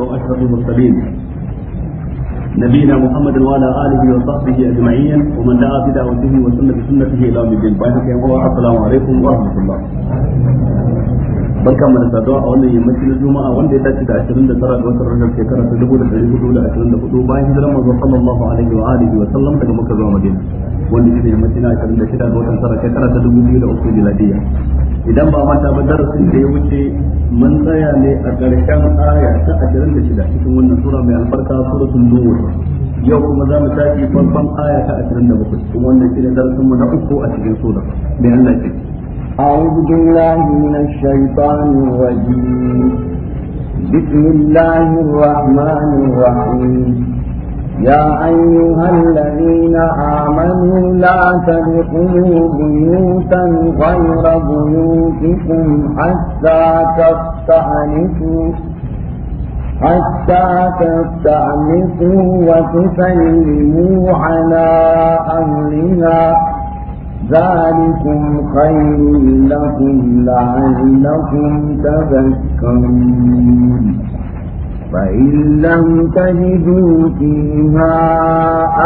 واشرف المرسلين نبينا محمد وعلى اله وصحبه اجمعين ومن دعا بدعوته وسن بسنته الى يوم الدين السلام عليكم ورحمه الله barka mana da saduwa a wannan yammacin na juma'a wanda ya dace da 29 da watan rajab shekara ta 1424 bayan hijiran manzo sallallahu alaihi wa alihi wa sallam daga makka zuwa madina wanda shi ne yammacin na 26 ga watan tara shekara ta 2003 miladiya idan ba mata ba darasin da ya wuce mun tsaya ne a ƙarshen aya ta 26 cikin wannan sura mai albarka suratul nur yau kuma za mu tafi farkon aya ta 27 kuma wannan shi darasin mu na uku a cikin sura mai Allah ya أعوذ بالله من الشيطان الرجيم بسم الله الرحمن الرحيم يا أيها الذين آمنوا لا تدخلوا بيوتا غير بيوتكم حتى تستأنسوا حتى تستأنسوا وتسلموا على أهلها ذلكم خير لكم لعلكم تذكرون فإن لم تجدوا فيها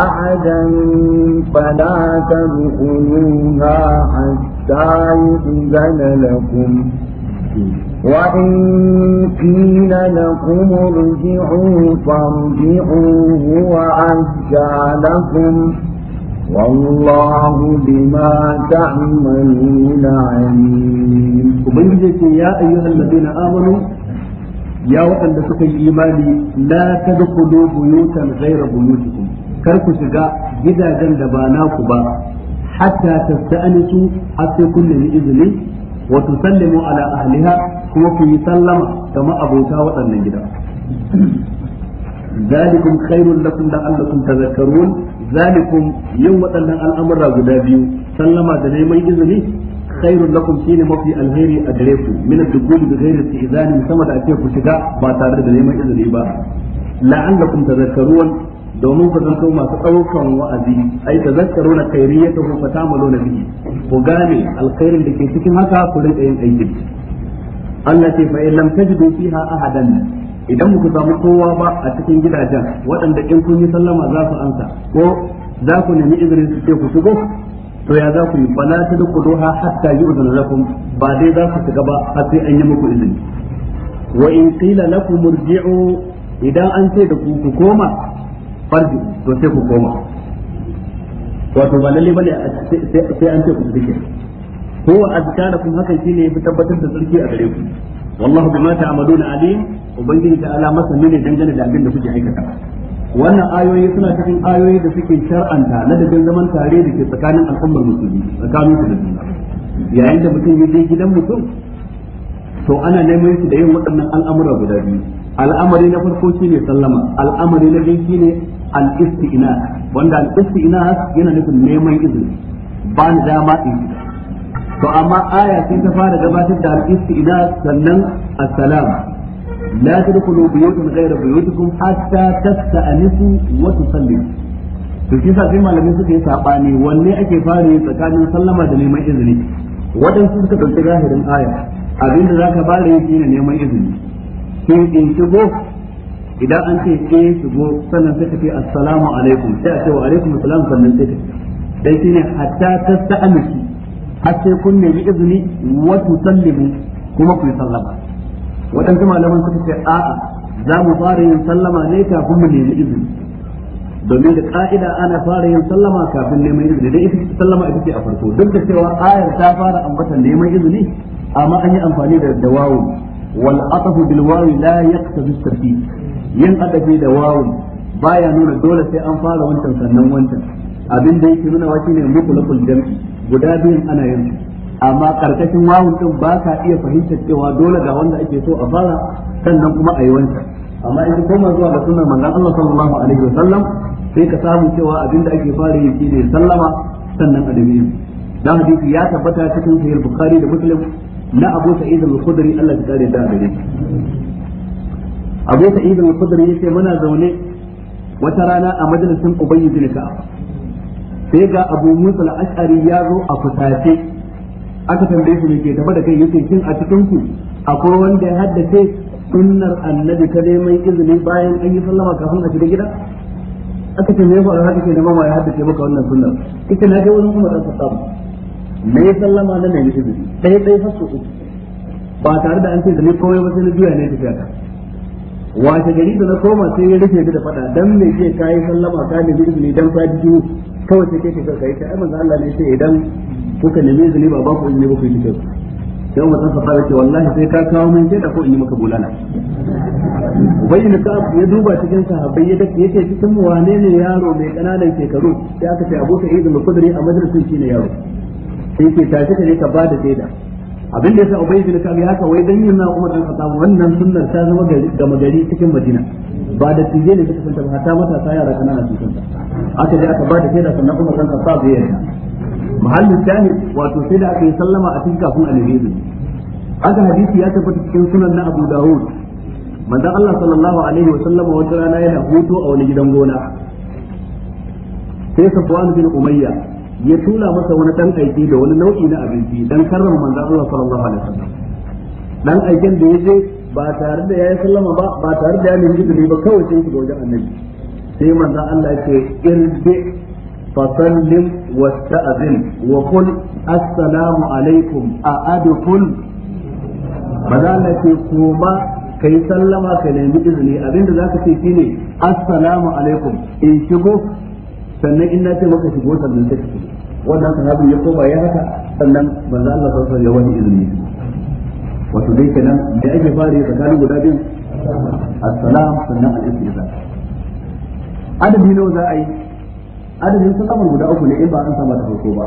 أحدا فلا تدخلوها حتى يؤذن لكم وإن قيل لكم ارجعوا فارجعوا هو أهدى لكم والله بما تعملون عليم وبيجي يا أيها الذين آمنوا يا وأن سكي إيماني لا تدخلوا بيوتا غير بيوتكم كركو شقاء جدا جند باناكبا حتى تستأنسوا حتى كل بإذن وتسلموا على أهلها كما في سلم كما أبوتا وأن جدا ذلكم خير لكم لعلكم تذكرون zalikum yin waɗannan al'amura guda biyu sallama da neman izini khairul lakum shine mafi alheri a gare ku min ad-dukul bi ghairi isti'zani sama da ake ku shiga ba tare da neman izini ba la'allakum tadhakkarun domin ku zanto masu ɗaukan wa'azi ai tadhakkaruna khairiyatahu fatamaluna bihi ku gane alkhairin da ke cikin haka ku rinka yin aiki Allah ce fa in lam tajidu fiha ahadan idan ku samu kowa ba a cikin gidajen waɗanda in kun yi sallama za su ansa ko za ku nemi izinin su ce ku shigo to ya za ku yi bala ta duk kuduha hatta yi uzun lakum ba dai za ku shiga ba har sai an yi muku izini wa in qila lakum murji'u idan an ce da ku ku koma farji to sai ku koma wato ba lalle bane sai an ce ku dike ko azkarakum hakan shine ya fi tabbatar da tsarki a gare ku wallahu bima ta'maluna alim ubangiji ta ala masa ne dangane da abin da kuke aikata wannan ayoyi suna cikin ayoyi da suke shar'anta na ladabin zaman tare da ke tsakanin al'ummar musulmi tsakanin su da juna yayin da mutum ya je gidan mutum to ana neman shi da yin waɗannan al'amura guda biyu al'amari na farko shine sallama al'amari na biyu shine al-istina wanda al-istina yana nufin neman izini ba ni dama in shiga to amma aya sai ta fara gabatar da al-istina sannan salama. لا تدخلوا بيوتا غير بيوتكم حتى تستأنسوا وتصلوا to kisa sai malamai suka yi sabani wanne ake fara yi tsakanin sallama da neman izini waɗansu suka ɗauki zahirin aya abinda za ka fara yi shine neman izini sai in shigo idan an ce eh shigo sannan sai ka ce assalamu alaikum sai a ce wa alaikum assalam sannan sai ka dan shine hatta tasta'anisi har sai kun nemi izini wa tusallimu kuma ku sallama waɗansu malaman suka ce a'a za mu fara yin sallama ne kafin mu nemi izini domin da ka'ida ana fara yin sallama kafin neman izini dai ita sallama ita ce a farko duk da cewa ayar ta fara ambatan neman izini amma an yi amfani da da wawu wal atafu bil wawi la yaqtadi tartib yin adabi da wawu baya nuna dole sai an fara wancan sannan wancan abin da yake nuna wa shine mutlaqul jam'i guda biyun ana yin amma karkashin wawun din ba ka iya fahimtar cewa dole ga wanda ake so a fara sannan kuma a yi wancan amma in koma zuwa ga sunnar manzon Allah sallallahu alaihi wa sallam sai ka samu cewa abinda ake fara yi shine sallama sannan adami dan hadisi ya tabbata cikin sahih bukhari da muslim na Abu Sa'id al-Khudri Allah ya kare da gare Abu Sa'id al-Khudri yace muna zaune wata rana a majalisin Ubay bin sai ga Abu Musa al-Ash'ari ya zo a fusace aka tambaye shi ne ke tafa da kai yace kin a cikin ku akwai wanda ya haddace sunnar annabi ta mai izini bayan an yi sallama kafin a shiga gida aka me ku a haka ke nema ma ya haddace maka wannan sunnar ita na ga wurin kuma dan samu me ya sallama na nemi izini ɗaya ɗaya fasu uku ba tare da an ce da ni komai ba sai na juya ne tafiya ta wace gari da na koma sai ya rufe da fada dan me ke kai sallama ka ne izini dan fadi ji kawai sai ke ka kai ta ai manzo Allah ne sai idan kuka nemi izini ba ba ku izini ba ku yi kitab yau mutum sa fara ce wallahi sai ka kawo min jeda ko in yi maka bulala ubayyin ka ya duba cikin sahabbai ya dace yake cikin wane ne yaro mai kananan shekaru sai aka ce abu ka izini kudiri a madrasar ne yaro sai ke tashi ka ne ka ba da jeda abin da yasa ubayyin ka ya haka wai dan yin na Umar dan Khattab wannan sunnar ta zama da magari cikin Madina ba da tije ne suka fanta ba ta matasa yara kananan cikin sa aka je aka ba da jeda sannan Umar dan Khattab ya yarda mahallin shahid wato sai da aka yi sallama a cikin kafin annabi aka hadisi ya tabbata cikin sunan na Abu Dawud manzon Allah sallallahu alaihi wa sallama wata rana yana hutu a wani gidan gona sai Safwan bin Umayya ya tura masa wani dan aiki da wani nau'i na abinci dan karrama manzon Allah sallallahu aikin da ya ba tare da yayi sallama ba ba tare da ya nemi ba kawai sai shiga wajen annabi sai manzon Allah ya ce فسلم واستأذن وقل السلام عليكم أأدخل بدل في قوما كي izini abinda za ka ce في ne السلام عليكم in shigo sannan in na ce maka shigo sannan ta ciki wannan sahabin ya koma ya haka sannan manzo Allah sallallahu alaihi wani izini wato dai kenan da ake fare tsakanin guda biyu assalam sannan al-istizan adabi nawa za a yi adadin sallaman guda uku ne in ba an saba da farko ba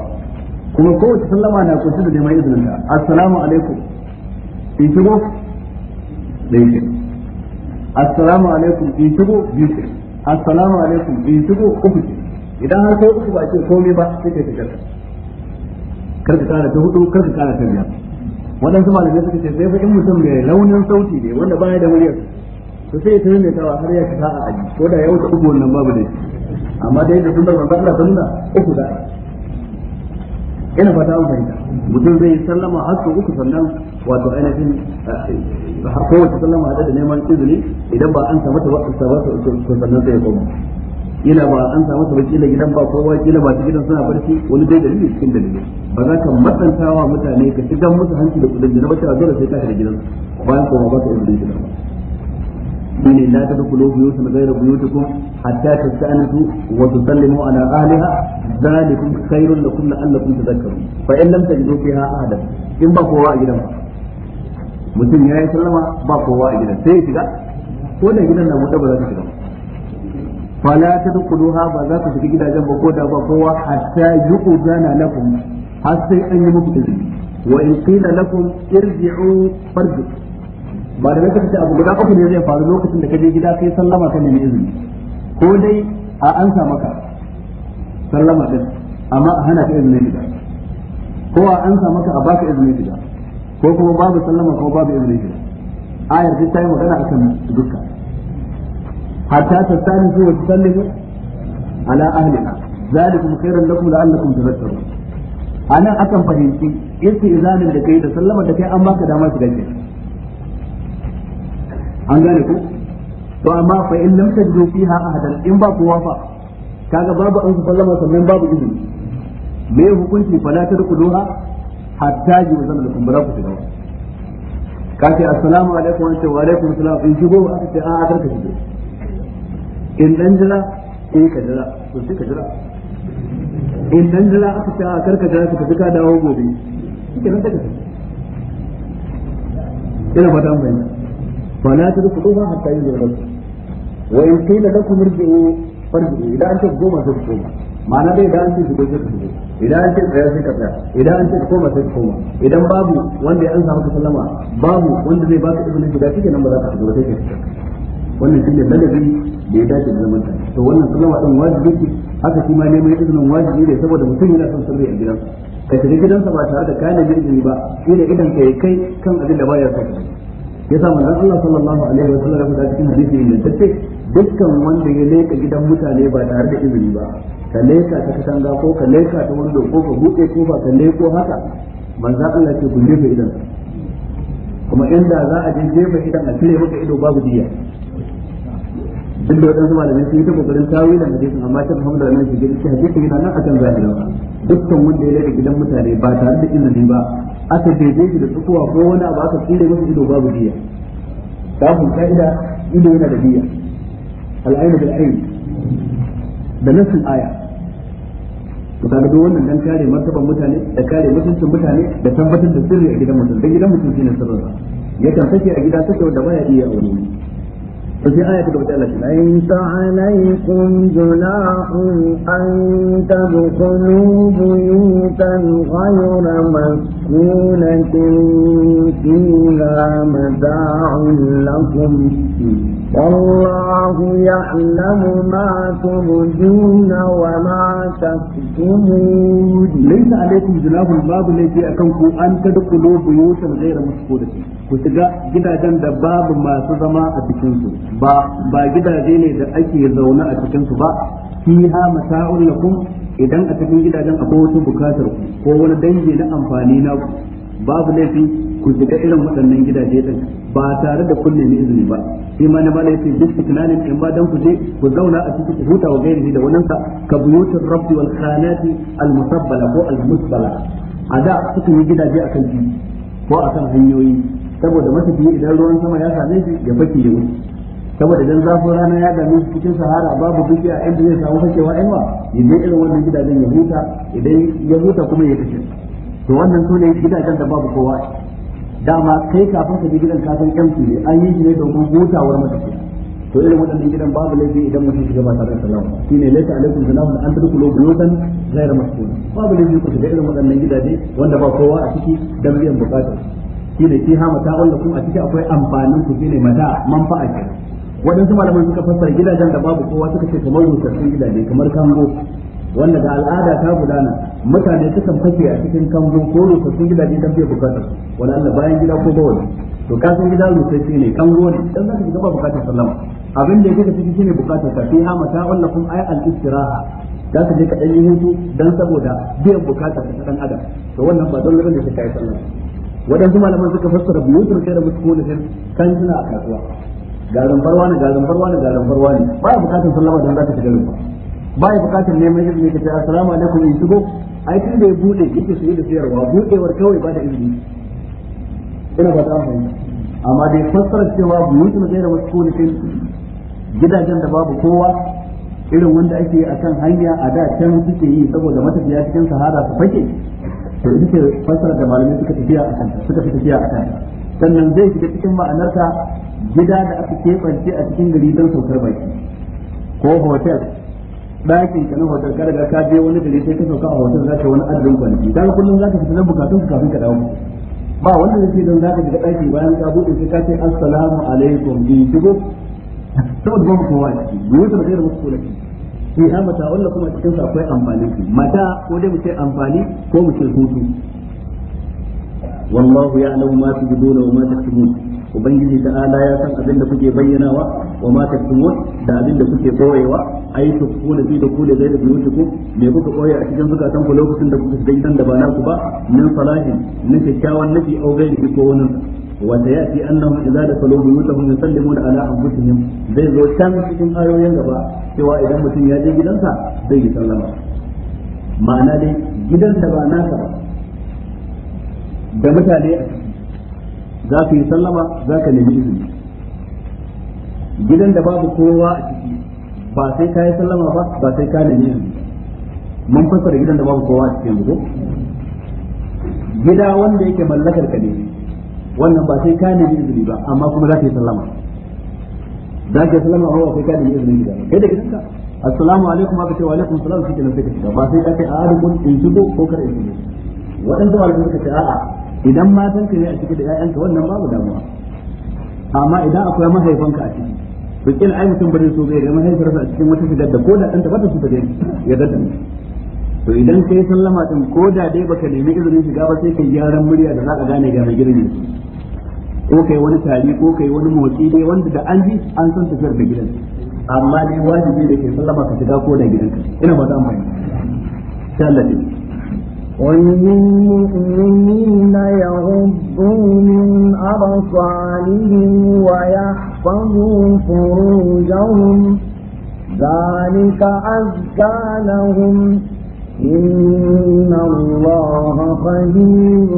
kuma kowace sallama na kusa da neman izinin ta assalamu alaikum in shigo da yake assalamu alaikum in shigo biyu ke assalamu alaikum in shigo uku ke idan har sai uku ba ce komai ba sai kai ta Kar ka kara ta hudu ka kara ta biyar waɗansu malamai suka ce sai fa in mutum mai launin sauti ne wanda baya da muryar to sai ya tare mai tawa har ya shiga a aji ko da ya wuce uku wannan babu da shi amma dai da sunnar ban da sunna uku da ina fata an fahimta mutum zai sallama har sau uku sannan wato ainihin eh, kowace sallama hada da neman izini idan ba an samu ta wata sannan zai koma kila ba an samu ta kila gidan ba kowa kila ba ta gidan suna barci wani dai dalili cikin dalili ba za ka matsantawa mutane ka shigan musu hanci da kudin jina ba ta dole sai ka da gidan bayan kuma ba ka izinin gidan ba shine la tadkhulu buyutan ghayra buyutikum hatta tasta'nisu wa tusallimu ala ahliha zalikum khairun lakum la'allakum tadhakkarun fa in lam tajidu fiha ahadan in ba kowa a gidan ba mutum yayi sallama ba kowa a gidan sai ya shiga ko da gidan na mutu ba za ka shiga fala tadkhuluha ba za ku shiga gidajen ba ko da ba kowa an yi muku izini wa in ba da lokacin abu guda uku ne zai faru lokacin da ka je gida kai sallama kan ne izini ko dai a ansa maka sallama din amma a hana ka izinin gida ko a ansa maka a baka izinin gida ko kuma babu sallama ko babu izinin gida ayar duk ta yi magana a akan duka hatta tattani su wa tusallimu ala ahliha zalikum khairan lakum la'allakum tadhakkarun anan akan fahimci istizanin da kai da sallama da kai an baka dama shiga gida an gane ku to amma fa in lam tajidu fiha ahadan in ba kowa fa kaga babu an sallama sannan babu izini me hukunci fala tadkhuluha hatta yuzan lakum ba ku shiga ka ce assalamu alaikum wa wa alaikum salam in shigo aka ce a aka shigo in dan jira eh ka jira to sai ka jira in dan jira aka ce a karka jira ka fita dawo gobe kike nan take ina fata mun bayyana فلا تدخلوها حتى ينزل الرسول وإن قيل لكم ارجعوا فارجعوا إذا أنت قوما تدخلوها ma'ana dai idan an ce shigo sai ka shigo idan إذا أنت an ce ka koma sai ka koma idan babu wanda ya ansa maka sallama babu wanda zai shiga nan ba za wannan ladabi da ya dace da zaman to wannan sallama din wajibi ce haka shi ma neman izinin wajibi ne saboda mutum yana son sirri a gidansa ka shiga gidansa ba tare da kana jirgin ba shi ne idan ka kai kan abin da baya sa yasa manzon Allah sallallahu alaihi wa sallam da cikin hadisi ingantacce dukkan wanda ya leka gidan mutane ba tare da izini ba ka leka ta katanga ko ka leka ta wando ko ka buɗe kofa ka leko haka manzon Allah ce ku jefa idan kuma inda za a je jefa idan a cire maka ido babu diya duk da waɗansu malamai sun yi ta kokarin tawi da hadisin amma ta hamdu da nan shi gidan shi hadisin yana nan akan zahirin dukkan wanda ya rage gidan mutane ba tare da izini ba aka daidai shi da tsukuwa ko wani abu aka tsire masa ido babu jiya. biya kafin ka'ida ido yana da biya al'ainu bil ain da nasin aya to kaga duk wannan dan kare martaban mutane da kare mutuncin mutane da tabbatar da sirri a gidan mutum dan gidan mutum shine sirrinsa yakan sake a gida sake wanda baya iya aure ففي آية قبل ليس عليكم جناح أن تدخلوا بيوتا غير مسكونة فيها متاع لكم والله يعلم ما تبدون وما تكتمون kulaia a laifin jinabul babu laifi akan ku antar kulobiyotar gaira muskudaku shiga gidajen da babu masu zama a cikinsu ba gidaje ne da ake zauna a cikin cikinsu ba fiha masaala kum idan a cikin gidajen akwai wata bukatar ku ko wani dangi na afani naku babu laifi ku shiga irin waɗannan gidaje din ba tare da kunne ni izini ba shi ma na bala yace duk tunanin in ba dan ku je ku zauna a cikin hutawa wa gairi da wannan ka ka buyutur rabbi wal khanati al musabbala ko al musbala a da suka yi gidaje kan titi ko a kan hanyoyi saboda matafiya idan ruwan sama ya same shi ya fake ya wuce saboda idan zafin rana ya dame shi cikin sahara babu dukiya a inda zai samu fakewa yawa idan irin wannan gidajen ya huta idan ya huta kuma ya fice to wannan sune gidajen da babu kowa dama kai kafin ka bi gidan ka san kyamsu ne an yi shi ne domin hutawar matafiya to irin waɗannan gidan babu laifi idan mutum shiga ba tare da sallama shine laita alaikum junahun an tadkhulu buyutan masu maskunin babu laifi ku shiga irin waɗannan gidaje wanda ba kowa a ciki dan biyan bukata shine ki ha mata wanda kuma a ciki akwai amfanin ku shine mata manfa'a ke waɗansu malaman suka fassara gidajen da babu kowa suka ce kamar rusassun gidaje kamar kango wanda da al'ada ta gudana mutane sukan fashe a cikin kango ko sun gidaje don biya bukatar wani Allah bayan gida ko bawal to ka san gida rusasshe ne kango ne dan zaka shiga gaba bukatar sallama abin da kake cikin shine bukatar ka fiha mata wallakum ay al-istiraha za ka je ka dan yi hutu dan saboda biyan bukatar ka dan adam to wannan ba don da ka kai sallama wadansu malaman suka fassara buyutul da muskuna kan suna a kasuwa garin barwa ne garin barwa ne garin barwa ne ba bukatar sallama dan zaka shiga rumfa ba ya bukatar neman izini ka ce assalamu alaikum in shigo ai tun da ya bude yake su yi da siyarwa budewar kawai ba da izini ina ba ta amfani amma dai fassara cewa buyutun zai da wasu kolikin gidajen da babu kowa irin wanda ake a kan hanya a da can suke yi saboda matafiya cikin sahara su fake to ita ce fassara da malamai suka tafiya a kanta suka fi tafiya a kanta sannan zai shiga cikin ma'anarta gida da aka keɓance a cikin gari don saukar baki ko hotel ɗakin ka na hotel ka daga ka je wani gari sai ka sauka a hotel za ka wani adadin kwanaki dan kullum za ka fita na bukatun kafin ka dawo ba wanda yake dan za ka shiga ɗaki bayan ka buɗe sai ka ce assalamu alaikum bi shigo saboda babu kowa ciki bai da ba da musu kola ni sai mata wannan kuma cikin sa akwai amfani ki mata ko dai mu ce amfani ko mu ce hutu wallahu ya'lamu ma tubduna wa ma taktubun ubangiji da ala ya san abin da kuke bayyanawa wa ma taktumun da abin da kuke koyewa ai to ku da da ku da zai da biyuti ku me kuka koya a cikin zukatan ku lokacin da kuka shiga gidan da ba na ku ba min salahin na kyakkyawan nafi au gairi ko wani da ya fi annahu idza bi mutahum yusallimu ala anfusihim zai zo can cikin ayoyin gaba cewa idan mutum ya je gidansa zai yi sallama ma'ana dai gidan da ba nasa da mutane a za ka yi sallama za ka nemi izini gidan da babu kowa a ciki ba sai ka yi sallama ba ba sai ka nemi izini mun fassara gidan da babu kowa a cikin yanzu gida wanda yake mallakar ka ne wannan ba sai ka nemi izini ba amma kuma za ka yi sallama za ka yi sallama ba sai ka nemi izini gida kai da gidanka assalamu alaikum aka ce wa alaikum salam shi kenan sai ka shiga ba sai ka ce a adukun in shigo ko kar in shigo waɗansu alaikum suka ce a'a idan matan ka ne a ciki da ƴaƴanka wannan babu damuwa amma idan akwai mahaifanka a ciki to kin ai mutum bari so bai ga mahaifarsa a cikin wata fitar da ko da ɗanta bata su ta gani ya danta to idan kai sallama din ko da dai baka nemi izinin shiga ba sai kai gyaran murya da za ka gane ga mai ne ko kai wani tari ko kai wani motsi dai wanda da an ji an san tafiyar da gidan amma dai wajibi da ke sallama ka shiga ko da gidanka ina ba za mu yi sallama قل للمؤمنين يغضوا من أبصارهم ويحفظوا فروجهم ذلك أزكى لهم إن الله خبير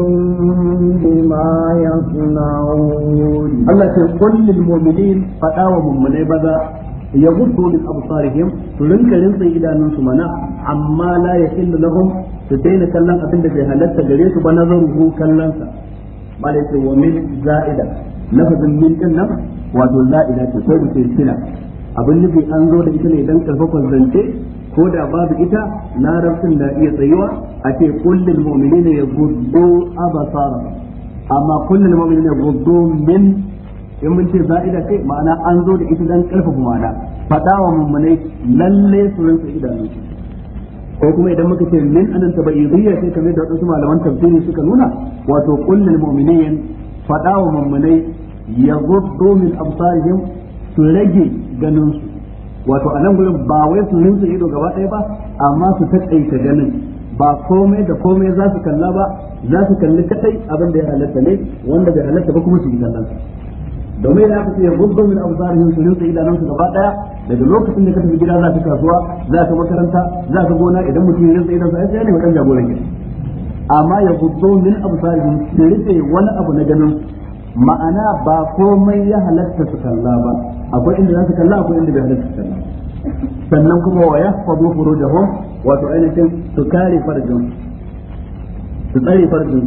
بما يصنعون الله تقول للمؤمنين فآوهم من عبادة يغضوا من أبصارهم تلنك رنسي إلى نسمنا عما لا يحل لهم su daina kallon abin da bai halatta gare su ba nazaruhu kallon sa malai ce wa min za'ida lafazin min din nan wato za'ida ce ko mutum sila abin nufi an zo da ita ne dan karfafan zance ko da babu ita larabcin na iya tsayuwa a ce ne mu'minina yaghuddu abasara amma kullul ne yaghuddu min in mun ce za'ida ce ma'ana an zo da ita dan karfafa ma'ana fada wa mummunai lalle su rinsa idanu ko kuma idan muka ce min anan tabaidiyya sai kamar da wasu malaman tafsiri suka nuna wato kullul mu'minin fada wa mu'minai yaghuddu min absarihim su rage ganin su wato a nan gurin ba wai su rinsu ido gaba ɗaya ba amma su taƙaita ganin ba komai da komai za su kalla ba za su kalli kadai abin da ya halatta ne wanda bai halatta ba kuma su yi kallon domin da aka ce ya guddo min absarihim su rinsa idanun su gaba daya daga lokacin da ka tafi gida za ka kasuwa za ka makaranta za ka gona idan mutum ya rinsa idanun sa sai ne wadan jagoran gida amma ya guddo min absarihim su rinsa wani abu na ganin ma'ana ba komai ya halatta su kalla ba akwai inda za su kalla akwai inda bai halatta su kalla sannan kuma wa yahfadu furujahum wato ainihin su kare farjin su tsare farjin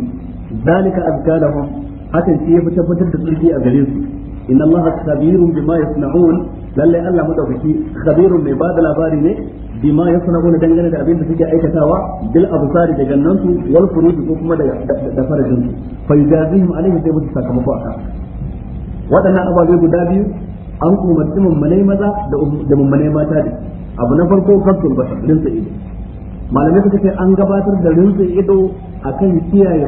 zalika azkarahum hakan shi ya fi tabbatar da tsarki a gare su إن الله خبير بما يصنعون لله الله مدوكي خبير من بعد الأبار بما يصنعون دنجنة أبين تسيكي أي كتاوى بالأبصار دجنانس والفروج كما دفر جنس فيجازيهم عليه سيبو تساك مفاقا ودنا أبا يقول دابي أنكم مرسمهم مني ماذا دمم مني ما تالي abu na farko kafin basar rinsa ido malamai suka ce an gabatar da rinsa ido akan kiyaye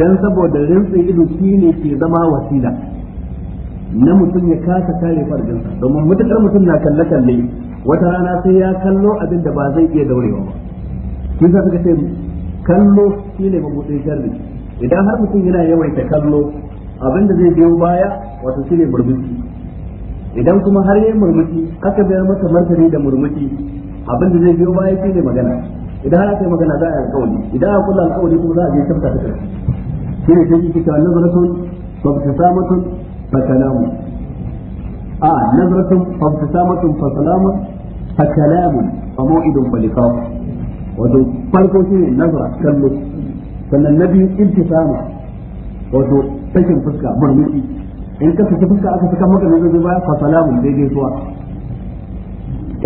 dan saboda rinsa ido shine ke zama wasila na mutum ya kasa kare farjinsa domin mutukar mutum na kalle kalle wata rana sai ya kallo abin da ba zai iya daurewa ba kin sa suka ce kallo shine mabudin sharri idan har mutum yana yawaita kallo abin da zai biyo baya wato shine murmushi idan kuma har yayin murmushi aka bayar masa martani da murmushi abin da zai biyo baya shine magana idan har aka yi magana za a yi alƙawari idan aka kula alƙawari kuma za a je tafta ta kai shine sai kike cewa nazaratun wa ibtisamatun فسلام آه نظرة فابتسامة فسلام فكلام فموعد فلقاء wato farko shi ne nazara kallo sannan na biyu wato sakin fuska murmushi in ka fuska aka saka maka nan zai baya fa salamun daidai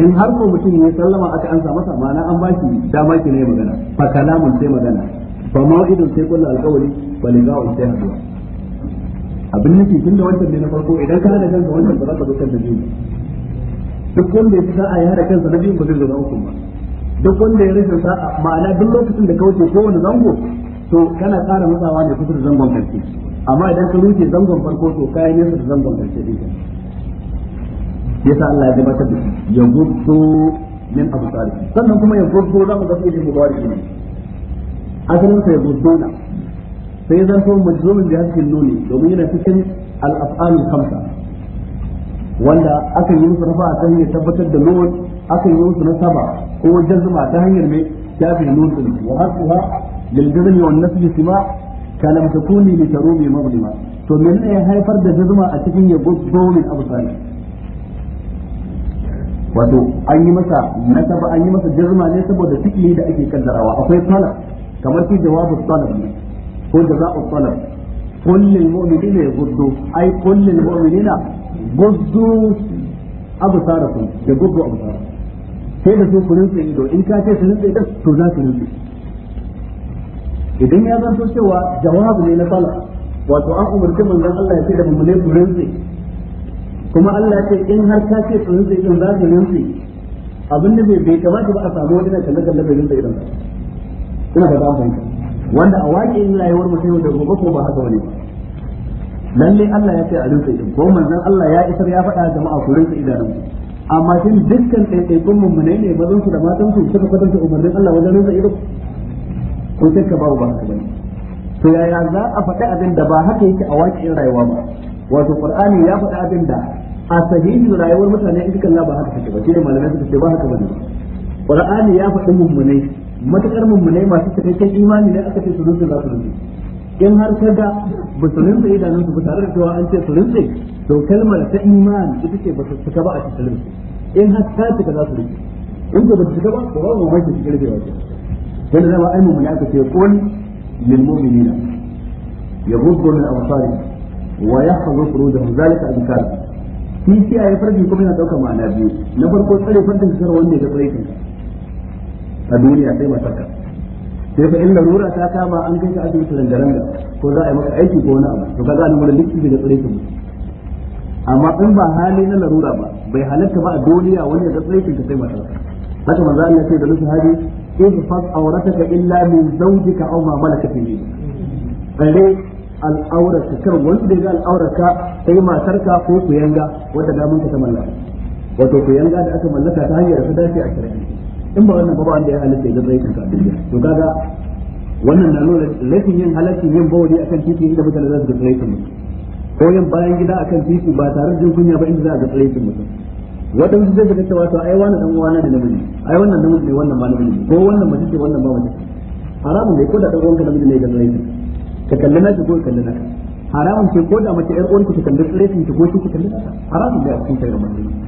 in har ko mutum ya sallama aka ansa masa ma'ana an bashi dama ki ne magana fa sai magana sai sai abin nufi tun da wancan ne na farko idan ka hada kansa wancan ba za ka zo kan da biyu duk wanda ya sa'a ya hada kansa na biyu ba zai zo na uku ba duk wanda ya rashin sa'a ma'ana duk lokacin da ka wuce kowane zango to kana tsara matsawa ne kusa da zangon karshe amma idan ka rufe zangon farko to kayan nesa da zangon karshe ɗin sa Allah ya gabatar da ya gurto min abu tsari sannan kuma ya gurto za mu ga fi'ilin mubarak ne asalin sa ya gurto na sai zan to majzumin da haskin nuni domin yana cikin al-af'alul khamsa wanda aka yi musu rafa ta hanyar tabbatar da nun aka yi musu nasaba ko jazma ta hanyar mai shafi nun din wa hasuha lil jazmi wan nasb sima kalam takuni li tarumi mazlima to me ne ya haifar da jazma a cikin ya gogomin abu salih wato an yi masa nasaba an yi masa jazma ne saboda tikili da ake kaddarawa akwai talab kamar fi jawabu talab ne ko jaza'u talab qul lil mu'minina yaghuddu ay qul lil mu'minina ghuddu absarakum da ghuddu absarakum sai da su kurin sai ido in ka ce su nutse da to za su nutse idan ya zanto cewa jawabu ne na talab wato an umarci manzon Allah ya ce da mummune ku rinse kuma Allah ya ce in har ka ce ku rinse din za ku rinse abin da bai kamata ba a samu wani na kalle kalle bai rinse irin ba ina ba ta fahimta wanda a waƙe rayuwar mutum da gobe ko ba haka wani lalle Allah ya ce a rinsa idan ko manzon Allah ya isar ya faɗa jama'a ku rinsa idanun amma shin dukkan ɗaiɗaikun mummune ne mazan su da matan su suka kwatanta umarnin Allah wajen rinsa ido ko ka babu ba haka bane to yaya za a faɗi abin da ba haka yake a yin rayuwa ba wato qur'ani ya faɗi abin da a sahihin rayuwar mutane in kalla ba haka take ba shi ne malamai suka ce ba haka bane qur'ani ya faɗi mummunai matakar mummunai masu cikakken imani ne aka ce su rinsu za su rinsu in har ka ga ba su rinse idanun su ba tare da cewa an ce su rinsu to kalmar ta imani ita ce ba su cika ba a cikin rinsu in har ta cika za su rinsu in ko ba su cika ba to ba mu mamaki su girbe wasu wanda zama ai mummunai aka ce qul lil mu'minina yaghuddu min absarihim wa yahfazu furujahum zalika azkar shi kiyaye farji kuma yana dauka ma'ana biyu na farko tsare fantin kar wanda ya tsare kanka a duniya sai masarka sai fa in larura ta kama an kai ka asibiti rangaranga ko za a yi maka aiki ko wani abu to kaga nan wurin duk shi daga tsare ka amma in ba hali na larura ba bai halatta ba a duniya wani ya ga tsare ka sai matarka haka manzo Allah ya ce da su hadi idfas aurataka illa min zawjika aw ma malakat yaminuka tsare al'aurarka kar wanda ya ga al'aurarka sai matarka ko kuyanga wanda damun ka ta mallaka wato kuyanga da aka mallaka ta hanyar da ta dace a shari'a in ba wannan ba ba wanda ya halatta idan rai kanka abin da to kaga wannan na nuna laifin yin halarci yin bawali akan titi inda mutane za su ga tsiraitin mutum ko yin bayan gida akan titi ba tare da jin kunya ba inda za a ga tsiraitin mutum waɗansu zai ga cewa to ai wannan dan uwana da namiji ai wannan namiji ne wannan ma namiji ko wannan mace ce wannan ba mace haramun ne ko da dan uwanka namiji ne da tsiraitin ka kalli naka ko kalli naka haramun ce ko da mace ƴar uwanka ta kalli tsiraitin ta ko shi ta kalli naka haramun ne a cikin shari'a musulmi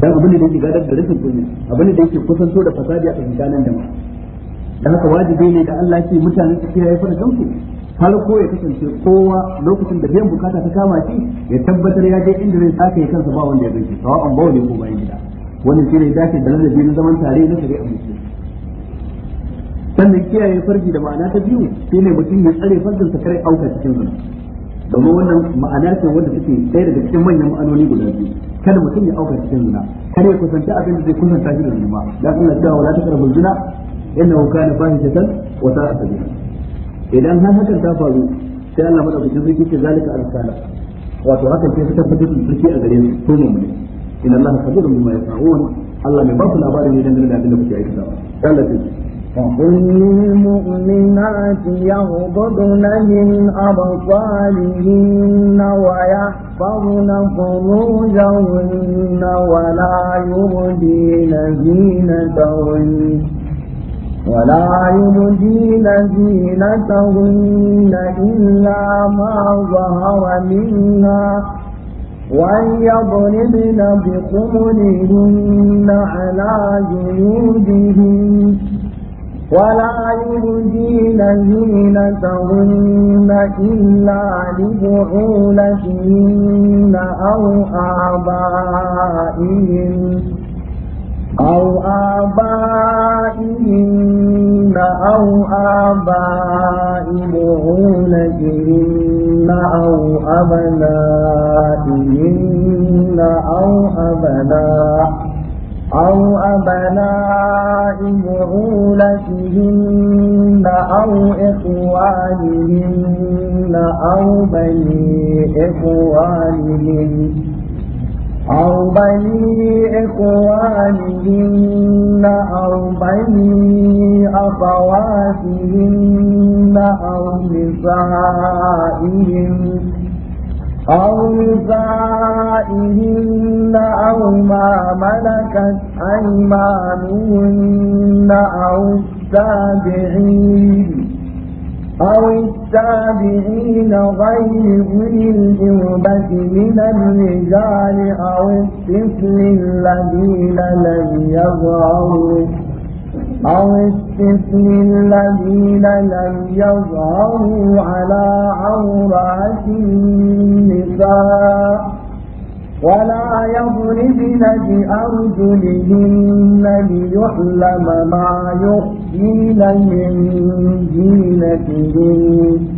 dan abin da yake gadar da rufin kunya abin da yake kusanto da fasadi a tsakanin jama'a da haka wajibi ne da Allah ke mutane su kiyaye farkan su har ko ya kasance kowa lokacin da biyan bukata ta kama shi ya tabbatar ya je inda zai saka ya kansa ba wanda ya sawa an bawo wani ko bayan gida wannan shi ne yake da ladabi na zaman tare na shari'a musulmi sannan kiyaye farji da ma'ana ta biyu shine mutum ya tsare farjinsa kare auka cikin zina domin wannan ma'ana ce wanda take ɗaya daga cikin manyan ma'anoni guda biyu kada mutum ya auka cikin zina kada ya kusanta abin da zai kusanta shi da zina da Allah ya wala ta karbu zina innahu kana fahishatan wa sa'a sabila idan har hakan ta faru sai Allah madaukakin sarki ce zalika arsala wato hakan sai ta tabbatar da sarki a gare su to mu ne inna Allah khabirun bima yasna'un Allah mai ba ku labarin ne dangane da abin da kuke aikatawa Allah ya وقل للمؤمنات يغضضن من أبصارهن ويحفظن فروجهن ولا يبدين زينتهن ولا يبدين زينتهن إلا ما ظهر منها وليضربن بخمرهن على جيودهن ولا هِينَ زينتهن إلا لبعولتهن أو آبَائِهِمْ أو آبائهن أو آباء بعولتهن أو أبنائهن أو أبنائهن أو أبناء بعولتهن أو إخوانهن أو بني إخوانهن أو بني إخوانهن أو بني أخواتهن أو نسائهن أو نسائهن أو ما ملكت أيمانهن أو التابعين أو التابعين غير أولي الإربة من الرجال أو الطفل الذين لم يظهروا أو الطفل الذين لم يظهروا على عورات النساء ولا يضربن بأرجلهن ليعلم ما يخفين من زينتهن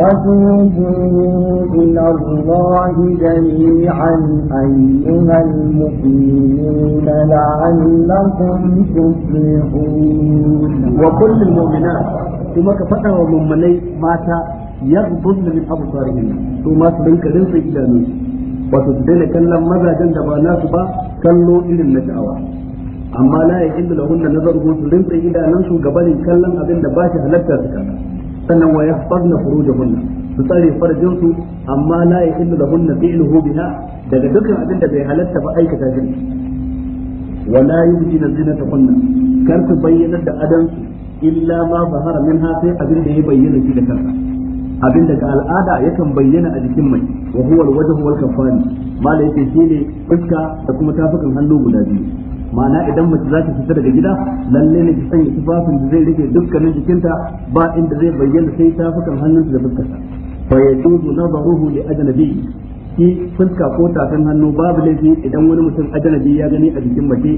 وتوبوا إلى الله جميعا أيها المؤمنون لعلكم تفلحون وكل المؤمنات ثم كفتر ومؤمني مات يغضن من أبصارهن ثم تبين لنس إلى نوش وتتدين كلم ماذا جند ناس با كلو إلى النجعوة أما لا يحل لهن نظره لنس إلى نوش قبل كلم أبين باشا هلتا تكلم sannan wa yahfazna furujahunna su tsare farjin su amma la yahillu lahunna fi'luhu biha daga dukkan abin da bai halatta ba aikata shi wa la yubdina kunna. kar su bayyana da adan su illa ma zahara minha sai abin da ya bayyana shi da kansa abin da ga al'ada yakan bayyana a jikin mai wa huwa al wal kafani mala yake shine da kuma tafukan hannu guda biyu ma'ana idan mace za ta fita daga gida lalle ne ta sanya tufafin da zai rike dukkanin jikinta ba inda zai bayyana sai tafukan hannunsa da fuskarsa fa yajuzu nadaruhu li ajnabi ki fuska ko tafin hannu babu laifi idan wani mutum ajanabi ya gani a jikin mace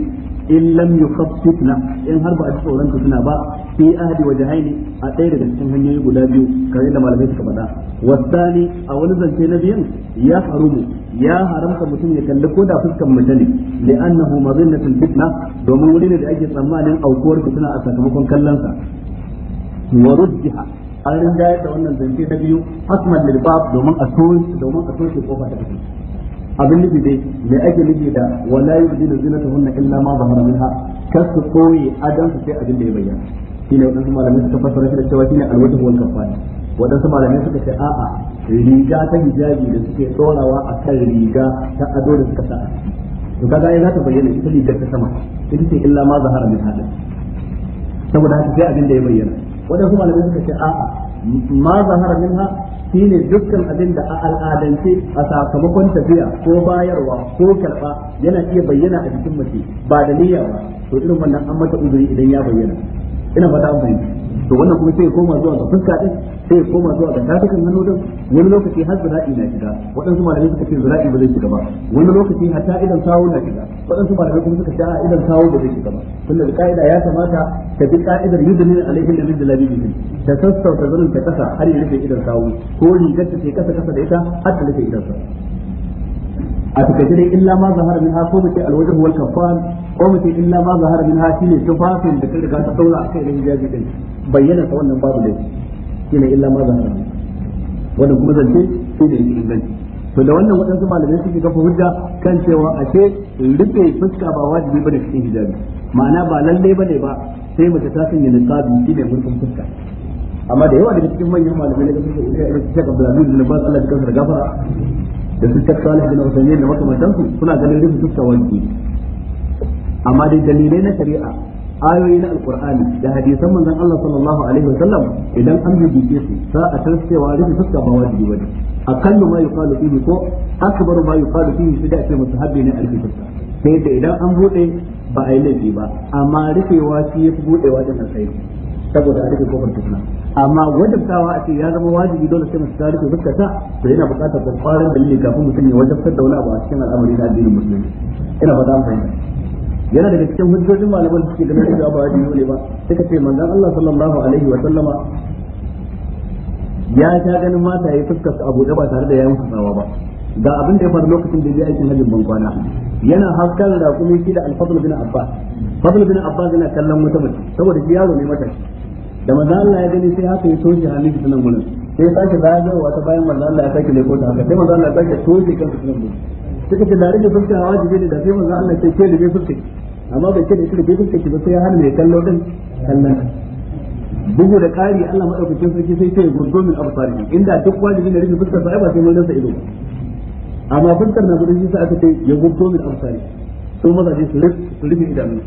in lam yukhaffifna in har ba a tsoron suna ba fi ahadi wajhaini a ɗaya daga cikin hanyoyi guda biyu kamar yadda malamai suka faɗa wasani a wani zance na biyan ya harumu ya haramta mutum ya kalli ko da fuskan mace ne li'annahu mazinnatul fitna domin wuri ne da ake tsammanin aukuwar fitina a sakamakon kallon sa wa rujjiha an rinjayar da wannan zance na biyu hasman lil domin a toshe domin a toshe kofa ta kace abin nufi dai me ake nufi da wala ta zinatahunna illa ma zahara minha kasu koyi adan su sai abin da ya bayyana shine wadansu malamai suka fassara shi da cewa shine alwajhu wal kafani wadansu malamai suka ce a'a riga ta hijabi da suke dorawa akan riga ta ado da suka sa to kaga ai za ta bayyana ita rigar ta sama ita ce illa ma zahara min hada saboda haka sai abin da ya bayyana wadansu malamai suka ce a'a ma zahara minha shine dukkan abin da a al'adance a sakamakon tafiya ko bayarwa ko karɓa yana iya bayyana a jikin mace ba da niyya ba to irin wannan an mata uzuri idan ya bayyana ina fata an fahimta to wannan kuma sai koma zuwa ga fuska din sai koma zuwa ga tafukan hannu din wani lokaci har zira'i na shiga waɗansu malamai suka ce zira'i ba zai shiga ba wani lokaci hatta idan sawo na shiga waɗansu malamai kuma suka ce a idan sawo ba zai shiga ba tunda da ka'ida ya kamata ka bi ka'idar yudnin alaihi da min dalabihi ta sassauta zanin ta ƙasa, har ya rufe idan sawo ko rigar ta ce ƙasa-ƙasa da ita har ta rufe idan sawo a takaice dai illa ma zahara minha ko mace alwajh wal kaffan ko mace illa ma zahara minha shine tufafin da kai riga ta daura akai da hijabi din bayyana ta wannan babu dai shine illa ma zahara minha wannan kuma zance shine inganci to da wannan waɗansu malamai suke kafa hujja kan cewa a ce rufe fuska ba wajibi bane cikin hijabi ma'ana ba lalle bane ba sai mace ta sanya niqabi shine mulkin fuska amma da yawa daga cikin manyan malamai da suke iya irin shaka Abdulaziz bin Baz Allah ya kansa da gafara da su shek salih na usaimin da makamantansu suna ganin rufe fuska wanki amma dai dalilai na shari'a ayoyi na alkur'ani da hadisan manzon Allah sallallahu alaihi wasallam idan an bibice su za a tarsewa rufe fuska ba wajibi bane akallu ma yuqalu fihi ko akbaru ma yuqalu fihi shi da ake habbi ne alfi fuska sai da idan an bude ba a yi laifi ba amma rufewa shi ya fi budewa da saboda a rike kofar fitina amma wajen tawa a ce ya zama wajibi dole sai mutum ta rike fuskata to yana buƙatar da kwakwaran dalili kafin mutum ya fitar da wani abu a cikin al'amari na addinin musulunci ina ba za mu fahimta yana daga cikin hujjojin malaman da suke ganin cewa ba wajibi ne ba ka ce manzon Allah sallallahu alaihi wa sallama ya ta ganin mata yayi fuskar abu da ba tare da ya yi musu tsawa ba ga abin da ya faru lokacin da ya aikin hajjin ban kwana yana haskar da kuma shi da alfadul bin abbas fadl bin abbas yana kallon wata mace saboda shi yaro ne mata da manzo Allah ya gani sai haka ya toshe hannun shi nan gurin sai ya sake zagawa ta bayan manzo Allah ya sake leko ta haka sai manzo Allah ya sake toshe kansa nan gurin suka ce da rage hawa jibe da sai manzo Allah sai ke da bai fuska amma bai ce da shi da fuska ba sai ya hana ya kallo din kallon bugu da ƙari Allah madaukakin sarki sai ya gurgo min absari inda duk wajibi ne rage fuska sai ba sai mun rasa ido amma fuskar na gudun shi sa aka ce ya gubto min amsari su mazaje su rufe idanu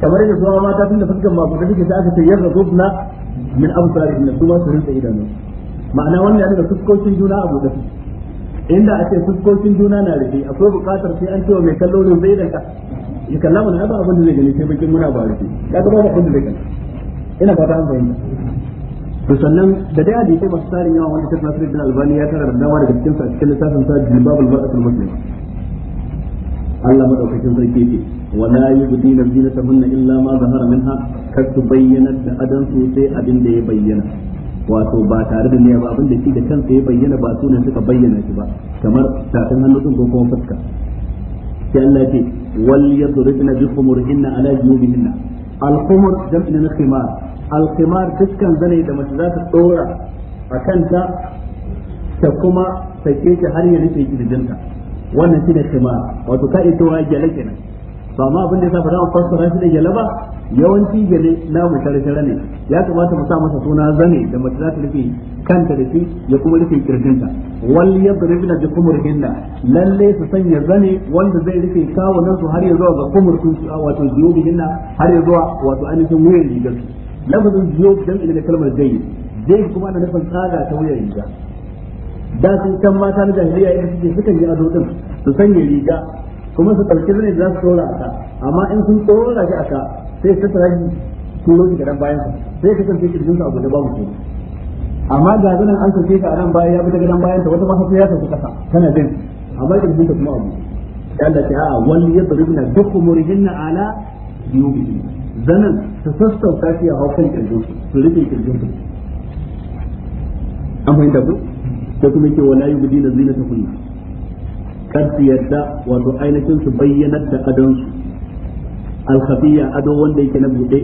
kamar yadda zuwa mata tun da fuskar ma kuka take sai aka ce yarda gubna min amsari inda su ma su rufe idanu ma'ana wannan ya daga fuskokin juna a buɗe inda a ce fuskokin juna na rufe akwai buƙatar sai an cewa mai kallo ne zai danka ya kalla mana ba abin da zai gani sai bakin muna ba rufe kaga ba abin da zai gani ina fata an fahimta to sannan da dai hadisi masu tarin yawa wanda ta Nasir bin Albani ya tara da dama daga cikin sa cikin littafin sa Jilbabul Mar'atul Muslim Allah madaukakin sarki yake wala yubdina zinatahunna illa ma zahara minha kar su da adan su sai abin da ya bayyana wato ba tare da niyya ba abin da shi da kansa ya bayyana ba sunan suka bayyana shi ba kamar tafin hannu sun kuma fuska sai Allah ce wal yadribna bi khumurihinna ala jubihinna al khumur jam'in al khimar alkimar dukkan zane da mace za ta tsora a kanta ta kuma sake ta har ya rufe kirjinta wannan shi ne kimar wato ka ita wa gele kenan ba ma abin da ya safa zama fassara shi da gyale ba yawanci gyale na mu tare ne ya kamata mu sa masa suna zane da mace za ta rufe kanta da shi ya kuma rufe kirjinta wal da bi hinna lalle su sanya zane wanda zai rufe kawunan su har ya zuwa ga kumurkin wato hinna har ya zuwa wato ainihin wuyan rigar su lafazin ziyub jam'i da kalmar zayyid zayyid kuma na nufin tsaga ta wuyan riga da sun kan mata na jahiliya yadda suke sukan yi ado din su sanya riga kuma su ɗauki zane da za su tsora a amma in sun tsora shi a ka sai su tsara shi turo shi garan bayan sai ka kasance kirjinsu a guje babu kuma amma ga zanen an sauke ka a nan baya ya bi daga nan bayan ta wata mahaifiya ta fi kasa tana zai amma ta kuma abu ya Allah ta a wani ya tsarubna duk na ala biyu biyu zanen ta sassauta shi a haukan kirjin su su rike kirjin su an fahimta ku ko kuma ke wala yi gudi na zina ta kunna kar su yadda wato ainihin su bayyanar da adon su alkhafiya ado wanda yake na buɗe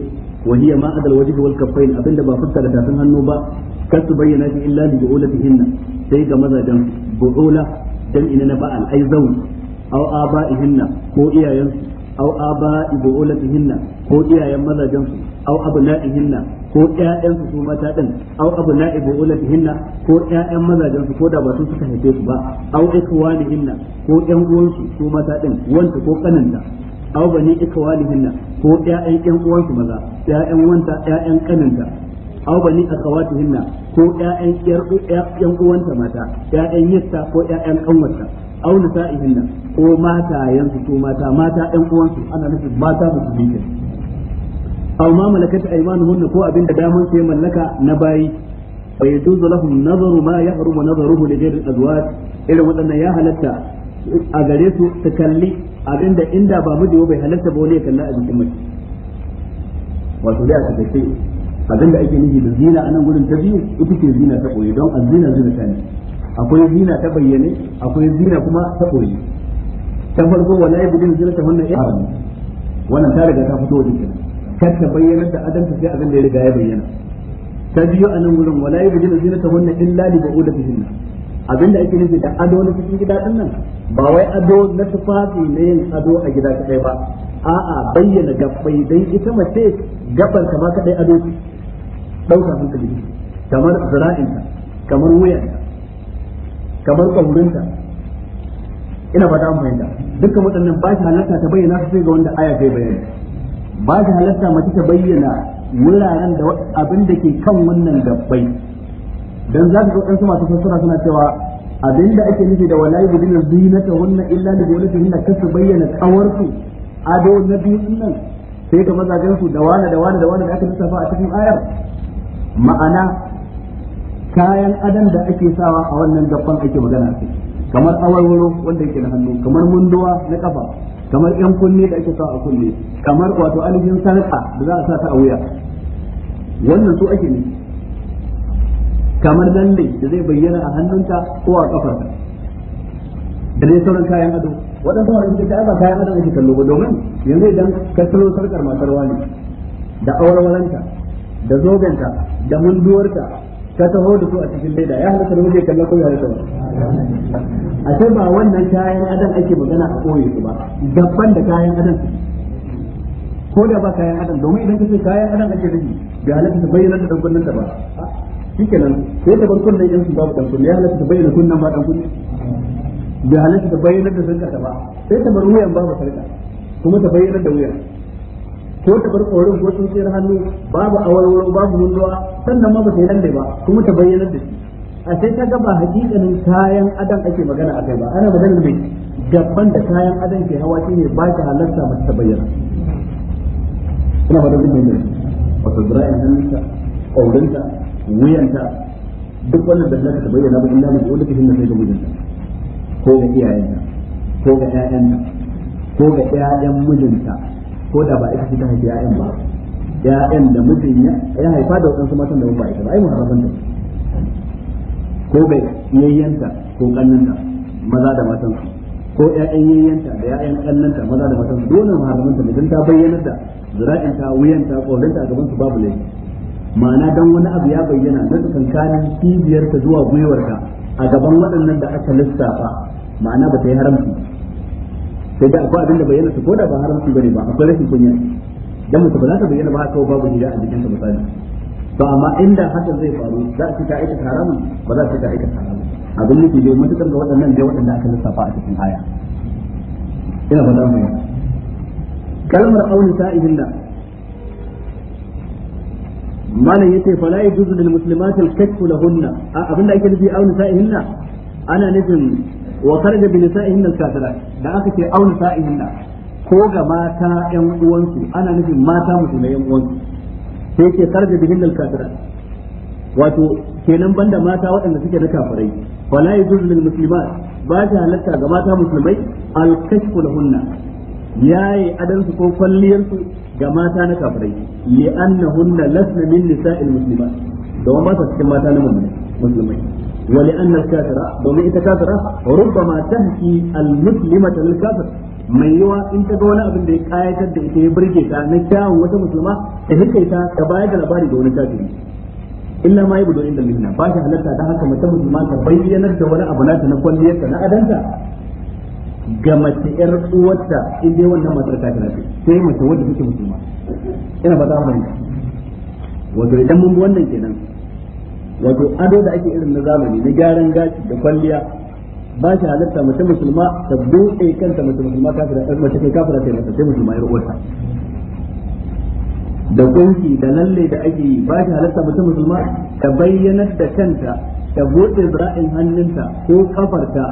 wahiya ma adal wajhi wal kaffain abinda ba fuska da tafin hannu ba kar su bayyana shi illa li bu'ulatihinna sai ga mazajen bu'ula dan ina na ba'al ai zaun aw aba'ihinna ko iyayensu aw aba ibulatihinna ko iyayen mazajen su aw abna'ihinna ko ƴaƴan su mata din aw abna'i ibulatihinna ko ƴaƴan mazajin su ko da ba su suka haife su ba aw hinna ko ƴan uwan su su mata din wanta ko da aw bani hinna ko ƴaƴan ƴan uwan su maza ƴaƴan wanta ƴaƴan da aw bani hinna ko ƴaƴan ƴan uwanta mata ƴaƴan yatta ko ƴaƴan kanwata aw nisa'ihinna ko mata yansu ko mata mata ɗan uwansu ana nufin mata musulmi aw ma malakat aymanuhunna ko abinda da daman su ya mallaka na bayi fa yajuzu lahum nazaru ma yahrumu nazaruhu li ghayri azwaj irin wadannan ya halatta a gare su su kalli abin da ba miji bai halatta ba wani ya kalla a jikin mace wato dai a take abin ake zina a nan ta biyu ita ce zina ta koyi don azina zina akwai zina ta bayyane akwai zina kuma ta boye ta farko wala zina ta wannan ya haram wannan ta riga ta fito wajen kenan kar ta bayyana da adanta sai abin da ya riga ya bayyana ta biyo a nan gurin wala zina ta wannan illa ta ba'udatihinna abinda ake nufi da ado na cikin gida din nan ba wai ado na tufafi na yin ado a gida kai ba a'a bayyana gabbai dai ita mace gabar ta ma kadai ado ce dauka hankali kamar zira'inta kamar wuyanta kamar kaurinta ina ba damu fahimta dukkan waɗannan ba shi halatta ta bayyana su sai ga wanda aya zai bayyana ba shi halatta mace ta bayyana wuraren da abin da ke kan wannan gabbai dan za ka ga wasu masu fassara suna cewa abin da ake nufi da walayi budina zinata wannan illa da gwamnati hinna kasu bayyana kawarsu ado na biyu nan sai ka mazajen su da wani da wani da wani da aka lissafa a cikin ayar ma'ana kayan adan da ake sawa a wannan gaban ake magana su, kamar awarwaro wanda yake na hannu kamar munduwa na kafa kamar yan kunne da ake sawa a kunne kamar wato alifin sarka da za a sa ta a wuya wannan su ake ne kamar lalle da zai bayyana a hannunta ko a kafarka da dai sauran kayan ado waɗanda wani suke ba kayan adon ake kallo ba domin yanzu idan ka tsaro sarkar masarwa ne. da awarwaranta da zoganta da munduwarta ka taho da su a cikin leda ya halatta da muke kallon ko ya halatta ba a sai ba wannan kayan adam ake magana a koyi su ba gaban da kayan adam ko da ba kayan adam domin idan kace kayan adam ake rage ga halatta ta bayyana da dankunnan ta ba shikenan sai ta barkon da yansu babu dankun ya halatta ta bayyana kunnan ba dankun ga halatta ta bayyana da sarka ta ba sai ta bar wuyan babu sarka kuma ta bayyana da wuyan ko ta bar korin ko tsintsiyar hannu babu awarwaro babu munduwa sannan ma ba sai lalle ba kuma ta bayyana da shi a sai ta gaba hakikanin kayan adam ake magana akai ba ana magana mai gaban da kayan adam ke hawa shine ba ta halarta ba ta bayyana ina ba da gudunar wato zira'in hannunta ƙaurinta wuyanta duk wannan da zaka bayyana ba illa ko wanda kishin da sai ga mijinta ko ga iyayenta ko ga ƴaƴanta ko ga ƴaƴan mijinta ko da ba ita ta haifi 'ya'yan ba 'ya'yan da mutum ya haifa da waɗansu matan da ba ita ba ai muharraban da ko bai yayyanta ko kannanta maza da matan su ko ƴaƴan yayyanta da 'ya'yan kannanta maza da matan su dole muharraban da idan ta bayyana da zira'in ta wuyan ta kolin a gaban su babu laifi ma'ana dan wani abu ya bayyana na cibiyar cibiyarta zuwa gwiwarta a gaban waɗannan da aka lissafa ma'ana ba ta yi haramci sai da akwai abin da bayyana su ko da ba haramci bane ba akwai rashin kunya dan mutum ba za ta bayyana ba haka babu hijja a jikin ta misali to amma inda hakan zai faru za a ta aikata haramun ba za ka ta aikata haramun abin nufi dai mutukar da waɗannan dai waɗanda aka lissafa a cikin haya ina faɗa mu kalmar auni sa'idin da malam yace la yajuzu lil muslimat al kashfu lahunna abinda ake nufi auni sa'ihinna ana nufin wa kharaja bi nisa'ihin al-kafirat da aka ce au nisa'ihin ko ga mata yan uwansu ana nufin mata musulmai yan uwansu sai ke kharaja bihin al-kafirat wato kenan banda mata waɗanda suke na kafirai wala yajuzu lil muslimat ba ta halatta ga mata musulmai al-kashfu lahunna yayi adansu ko kwalliyarsu ga mata na kafirai li'annahunna lasna min nisa'il muslimat da ba ta cikin mata na musulmai ولأن الكافر دومي إتا كافرة ربما تهكي المسلمة للكافر mai yawa in ta ga wani abin da ya kayatar da ita ya burge ta na kyawun wata musulma ta hirka ita ta bayar da labari ga wani kafiri illa ma yabudu inda minna ba shi halatta da haka mace musulma ta bayyanar da wani abu nata na kwalliyarta na adanta ga mace yar uwarta in dai wannan ta musulma ina ba ta idan mun bi wannan kenan wato ado da ake irin na zamani na gyaran gashi da kwalliya ba shi halatta mace musulma ta buɗe kanta mace musulma kafira ɗan mace kai kafira ta mata sai musulma ya rubuta da gunki da lalle da ake yi ba shi halatta mace musulma ta bayyanar da kanta ta buɗe zira'in hannunta ko kafarta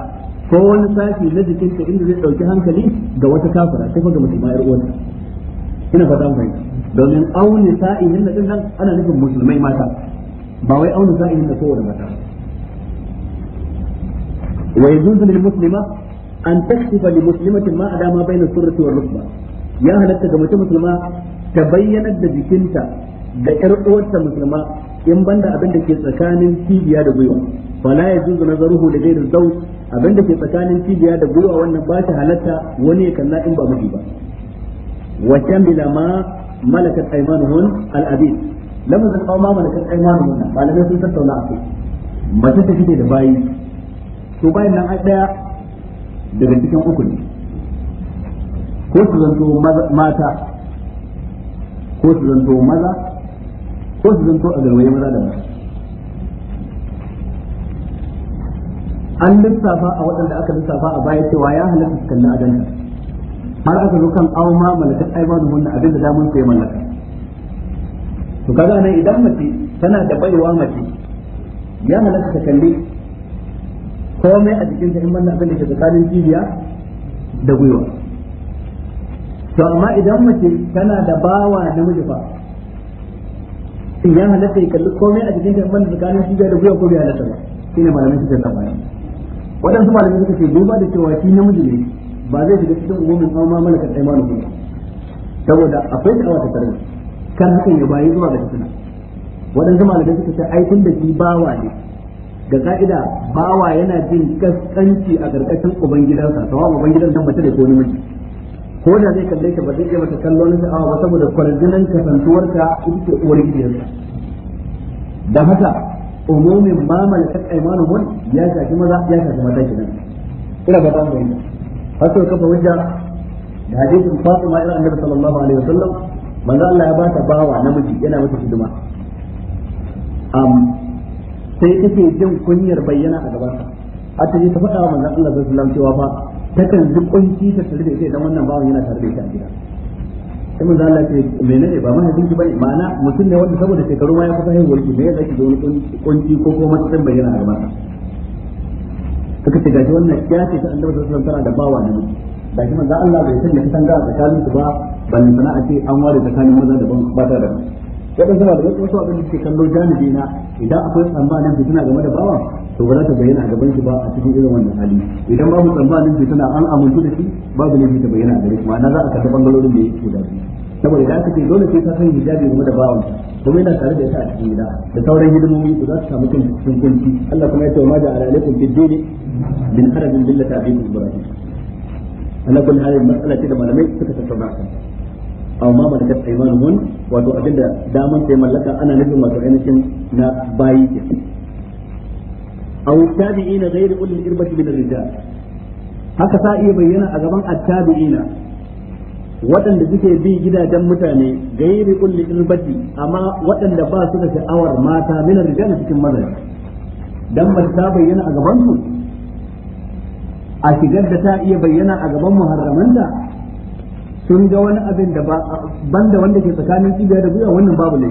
ko wani sashi na jikinta inda zai ɗauki hankali ga wata kafira sai ga musulma ya rubuta ina fata mu fahimta domin auni sa'ihin da ɗin nan ana nufin musulmai mata ba wai auna za'irin da kowane mata wa yajuzu lil muslima an takshifa li muslimatin ma adama bayna surrati wal rukba ya halatta ga mace musulma ta bayyana da jikinta ga ƴar uwarta musulma in banda abin da ke tsakanin cibiya da gwiwa fala yajuzu nazaruhu li ghayri zawj abin da ke tsakanin cibiya da gwiwa wannan ba ta halatta wani ya kalla in ba miji ba wa tamila ma malakat aymanuhun al-abid lafazin aw ma malakat aymanuhum malamai sun tattauna a kai mace ta kike da bayi to bayan nan ai daya daga cikin uku ne ko su zanto mata ko su zanto maza ko su zanto a garwaye maza da mata an lissafa a waɗanda aka lissafa a baya cewa ya halatta su kalli adanta har aka zo kan aw ma malakat aymanuhum abinda damun sai mallaka to kaga nan idan mace tana da baiwa mace ya halatta ta kalli komai a jikinta in banda abin da ke tsakanin jijiya da gwiwa to amma idan mace tana da bawa namiji fa in ya halatta ya kalli komai a jikinta in banda tsakanin jijiya da gwiwa ko bai halatta ba shine malamai suka tabbata waɗansu malamin suka ce duba da cewa shi namiji ne ba zai shiga cikin umumin amma malaka tsaimanu ba saboda akwai sha'awa ta tarihi kar hakan ya bayi zuwa ga fitina waɗansu malamai suka ce ai tun da shi bawa ne ga ka'ida bawa yana jin kaskanci a karkashin ubangidansa sawa ubangidan dan mace da ko namiji ko da zai kalle ka ba zai iya kallo kallon sha'awa ba saboda kwarjinan ka ita ce uwar gidansa da haka umumin ma malakat mun ya shafi maza ya shafi mata kenan ina ba ta mu har sai kafa hujja da hadisin Fatima ila Annabi sallallahu alaihi wasallam manzo Allah ya bata bawa namiji yana mata hidima am sai take jin kunyar bayyana a gabansa a ta ta faɗa wa manzo Allah sallallahu alaihi wasallam cewa fa kan ji kunci ta tare da ita idan wannan bawan yana tare da ita a gida sai manzo Allah ce menene ba mahaifin ki bane ma'ana mutum ne wanda saboda shekaru ma ya kusa haihuwar ki me yasa zaki zo wani kunci ko kuma matsayin bayyana a gabansa suka ce gaji wannan ya ce ta annabi sallallahu alaihi wasallam tana da bawa namiji kuma manzo Allah bai sanya ta tanga tsakanin su ba ballin sana a ce an ware tsakanin maza da ba ta da waɗansu ba da wasu abin da suke kallo janibi na idan akwai tsammanin suna game da bawa to ba za ta bayyana a gaban shi ba a cikin irin wannan hali idan babu tsammanin fitina an amintu da shi babu ne ta bayyana a gare shi ma'ana za a kalli bangalorin da ke da shi saboda idan aka ce dole sai ka san hijabi game da bawan kuma yana tare da ita a cikin gida da sauran hidimomi ku za su samu kan cikin kunci Allah kuma ya ce ma da alaikum bid-dini min harajin billata abikum ibrahim Allah kun hayar matsala ce da malamai suka tattauna kan aw ma malakat aymanuhum wato abinda daman sai mallaka ana nufin wato ainihin na bayi ke aw tabi'ina ghayr ulil irbati min ar-rijal haka sa iya bayyana a gaban at-tabi'ina waɗanda suke bi gidajen mutane gairi kulli irbati amma waɗanda ba su da sha'awar mata min rijal cikin mazaje dan ba ta bayyana a gaban su a shigar da ta iya bayyana a gaban muharramanta sun ga wani abin da ba banda wanda ke tsakanin kibiya da guya wannan babu ne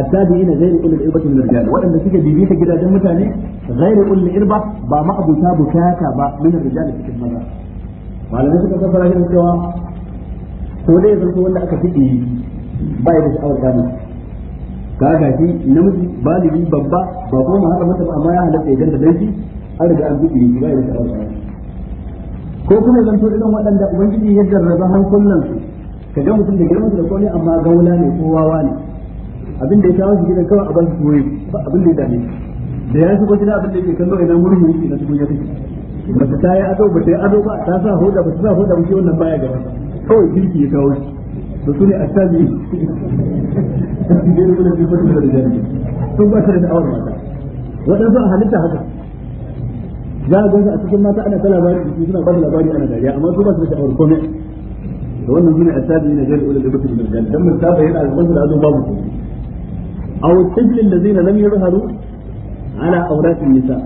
addabi ina zairi ulil irba min rijal wadanda suke bibita gidajen mutane zairi ulil irba ba ma abu ta bukata ba min rijal cikin maza malamai suka kafara shi cewa ko dai zan so wanda aka fiɗe ba ya da sha'awar gano ka ga shi namiji balibi babba ba kuma ma haka masa amma ya halatta idan da dai shi an an fiɗe ba ya da sha'awar gano ko kuma zan to irin waɗanda ubangiji ya jarraba hankulan su ka ga mutum da girman su da kone amma gaula ne ko wawa ne abin da ya kawo shi gidan kawai a ban wuri ba abin da ya dame da ya shigo gida abin da yake kallo idan murhu yake na cikin ya take ba ta ta ado ba ta yi ado ba ta sa hoda ba ta sa hoda muke wannan baya gaba kawai girki ya kawo shi da su ne a sami sun ba ta da da'awar mata waɗansu a halitta haka za a ganshi a cikin mata ana ta labari da suna ba labari ana dariya amma su ba su da sha'awar komai da wannan shine asabi ne zai ulul bukul bil jan dan mun saba yana alƙawarin da azu babu aw tifl allazina lam yuzharu ala awratin nisa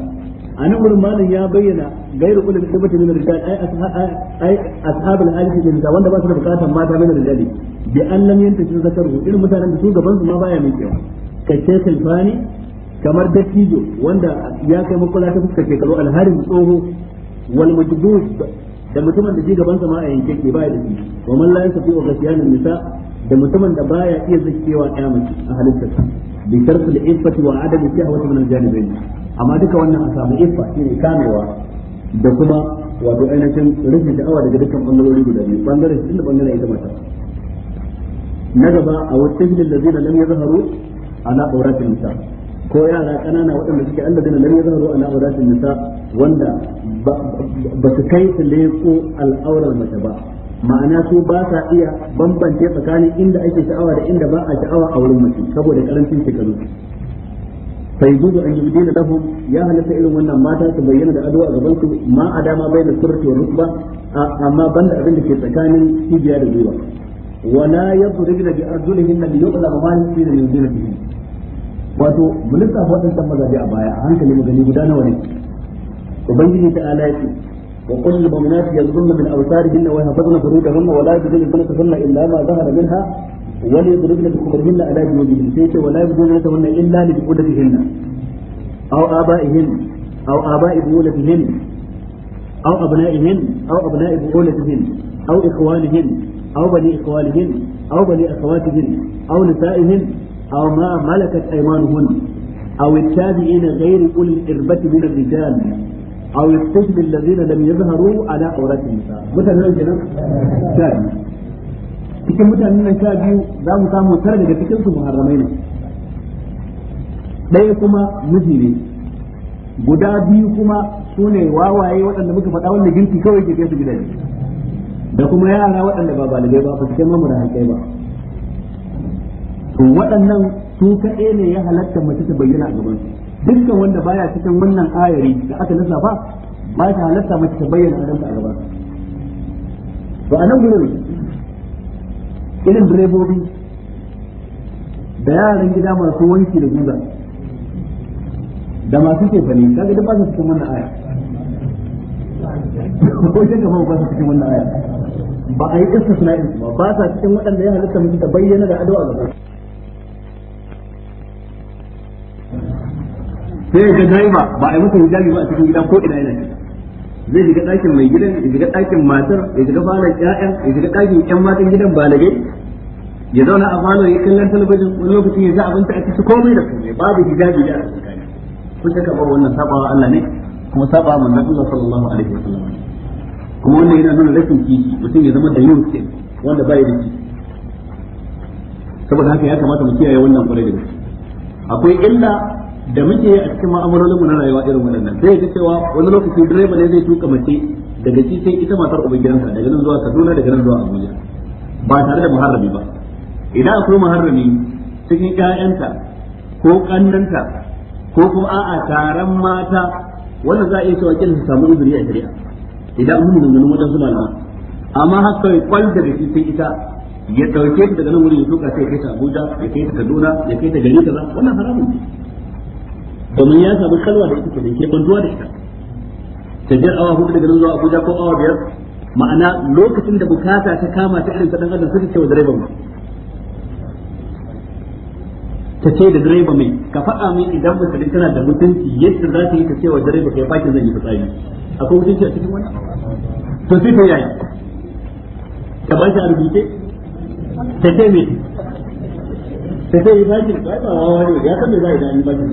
anan gurin malam ya bayyana gairu ulul bukul bil rijal ay ay ashabul alif bil rijal wanda ba su da bukatan mata da rijali bi an lam yantashi zakaru irin mutanen da su gaban su ma baya mai kewa kace kalfani kamar dattijo wanda ya kai makula ta fuskar shekaru alharin tsoho wal majdud da mutumin da gaban sa ma a yanke ke baya da shi wa man la yasafi wa ghasyanan nisa da mutumin da baya iya zakewa ya mace a halittarsa bi da iffati wa adami shahwati min al-janibayn amma duka wannan a samu iffa shine kamewa da kuma wato ainihin rufe awa daga dukkan bangarori guda biyu bangaren shi da bangaren ita mata na gaba a wasu da zina lam yazharu ana auratin nisa ko yara kanana waɗanda suke nan ya zama ruwa na awratin nisa wanda ba su kai su leko al'aurar mace ba ma'ana su ba sa iya bambance tsakanin inda ake sha'awa da inda ba a sha'awa a wurin mace saboda karancin shekaru sai gudu an yi dina lahu ya halatta irin wannan mata su bayyana da ado a gaban su ma a dama bai da surati wa rukba amma banda abin da ke tsakanin cibiya da zuwa. wala yadribna bi arjulihinna li yuqlama ma yusina min dinihim wato mun lissafa waɗannan mazaje a baya a hankali magani guda nawa ne ubangiji ta ala yake wa qul lil mu'minati yaghudna min absarihin wa yahfazna furujahun wa la yuzina kunna illa ma zahara minha wa la yudribna bi khumurihinna ala jubihin sai ce wa la yuzina kunna illa li qudatihinna aw abaihin aw abai bulatihin aw abnaihin aw abnai bulatihin aw ikhwanihin aw bani ikhwanihin aw bani akhawatihin aw nisaihin أو ما ملكت أيمانهن أو التابعين غير أولي الإربة من الرجال أو الطفل الذين لم يظهروا على عورات النساء مثلا جنان تابع cikin mutanen nan sha biyu za mu samu tara daga cikinsu su muharramai ne ɗaya kuma miji ne guda biyu kuma su ne wawaye waɗanda muka faɗa wanda girki kawai ke su gidaje da kuma yara waɗanda ba balibai ba ba su kai mamu da hankai ba to waɗannan su kaɗai ne ya halatta mace ta bayyana a gaban su dukkan wanda baya cikin wannan ayari da aka lissafa ba ta halatta mace ta bayyana a gaban a gaban to a nan gurin irin direbobi da yaran gida masu wanki da guga da masu kefane kaga duk ba su cikin wannan aya ko shi gaba ba su cikin wannan aya ba a yi istisna'in ba ba sa cikin waɗanda ya halatta mace ta bayyana da ado a gaban sai ga driver ba a yi masa hijabi ba a cikin gida ko ina yana zai shiga ɗakin mai gidan ya shiga ɗakin matar ya shiga falon ƴaƴan ya shiga ɗakin ƴan matan gidan balagai ya zauna a falon ya kallon talabijin wani lokacin ya a abinci a cikin komai da komai babu hijabi da a cikin kun saka ba wannan sabawa Allah ne kuma sabawa na Allah sallallahu alaihi wasallam kuma wannan yana nuna rashin kishi mutum ya zama da yau wanda ya da kishi saboda haka ya kamata mu kiyaye wannan kwarai da gaske akwai illa da muke a cikin ma'amalolin mu na rayuwa irin wannan sai ga cewa wani lokaci direba ne zai tuka mace daga shi sai ita matar ubangidansa daga nan zuwa Kaduna daga nan zuwa Abuja ba tare da muharrami ba idan akwai muharrami cikin ƴaƴanta ko kannanta ko kuma a'a taron mata wannan za a iya cewa kin samu uzuri a shari'a idan mun dangana wajen suna nan amma haka kai kwal daga shi sai ita ya dauke daga nan wurin ya tuka sai kai ta Abuja ya kai ta Kaduna ya kai ta gari wannan haramun ne domin ya samu kalwa da ita kenan ke bantuwa da ita tafiyar awa hudu daga nan zuwa Abuja ko awa biyar ma'ana lokacin da bukata ta kama ta irin ta adam suka ce wa direban ta ce da direba mai ka faɗa min idan musulun tana da mutunci yadda za ta yi ta ce wa direba kai fakin zan yi fitsari akwai mutunci a cikin wannan to sai ta yaya ta ba shi a rubuce ta ce mai sai sai yi bakin ba ba wawa ne ya san me za a yi da an yi bakin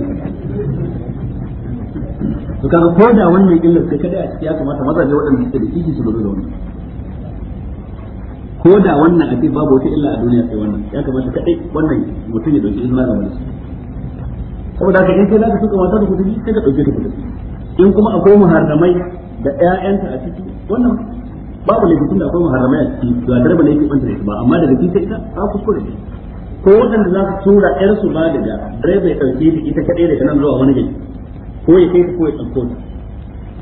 to kaga ko da wannan illar kai kada a ciki ya kamata mazaje waɗanda suke da kishi su lura da wannan ko da wannan a ce babu wata illa a duniya sai wannan ya kamata kadai wannan mutum ya dauki izina da wani saboda haka in kai za ka suka mata da kudi sai ka dauke ta kudi in kuma akwai muharramai da ƴaƴanta a ciki wannan babu laifin da akwai muharramai a ciki ga a darba laifin yake banta da ba amma daga cikin ita ta kuskure ne ko waɗanda za su tura ƴar su ba da direba ya ɗauke ta ita kaɗai da nan zuwa wani gari ko ya kai ta ko ya ɗauko ta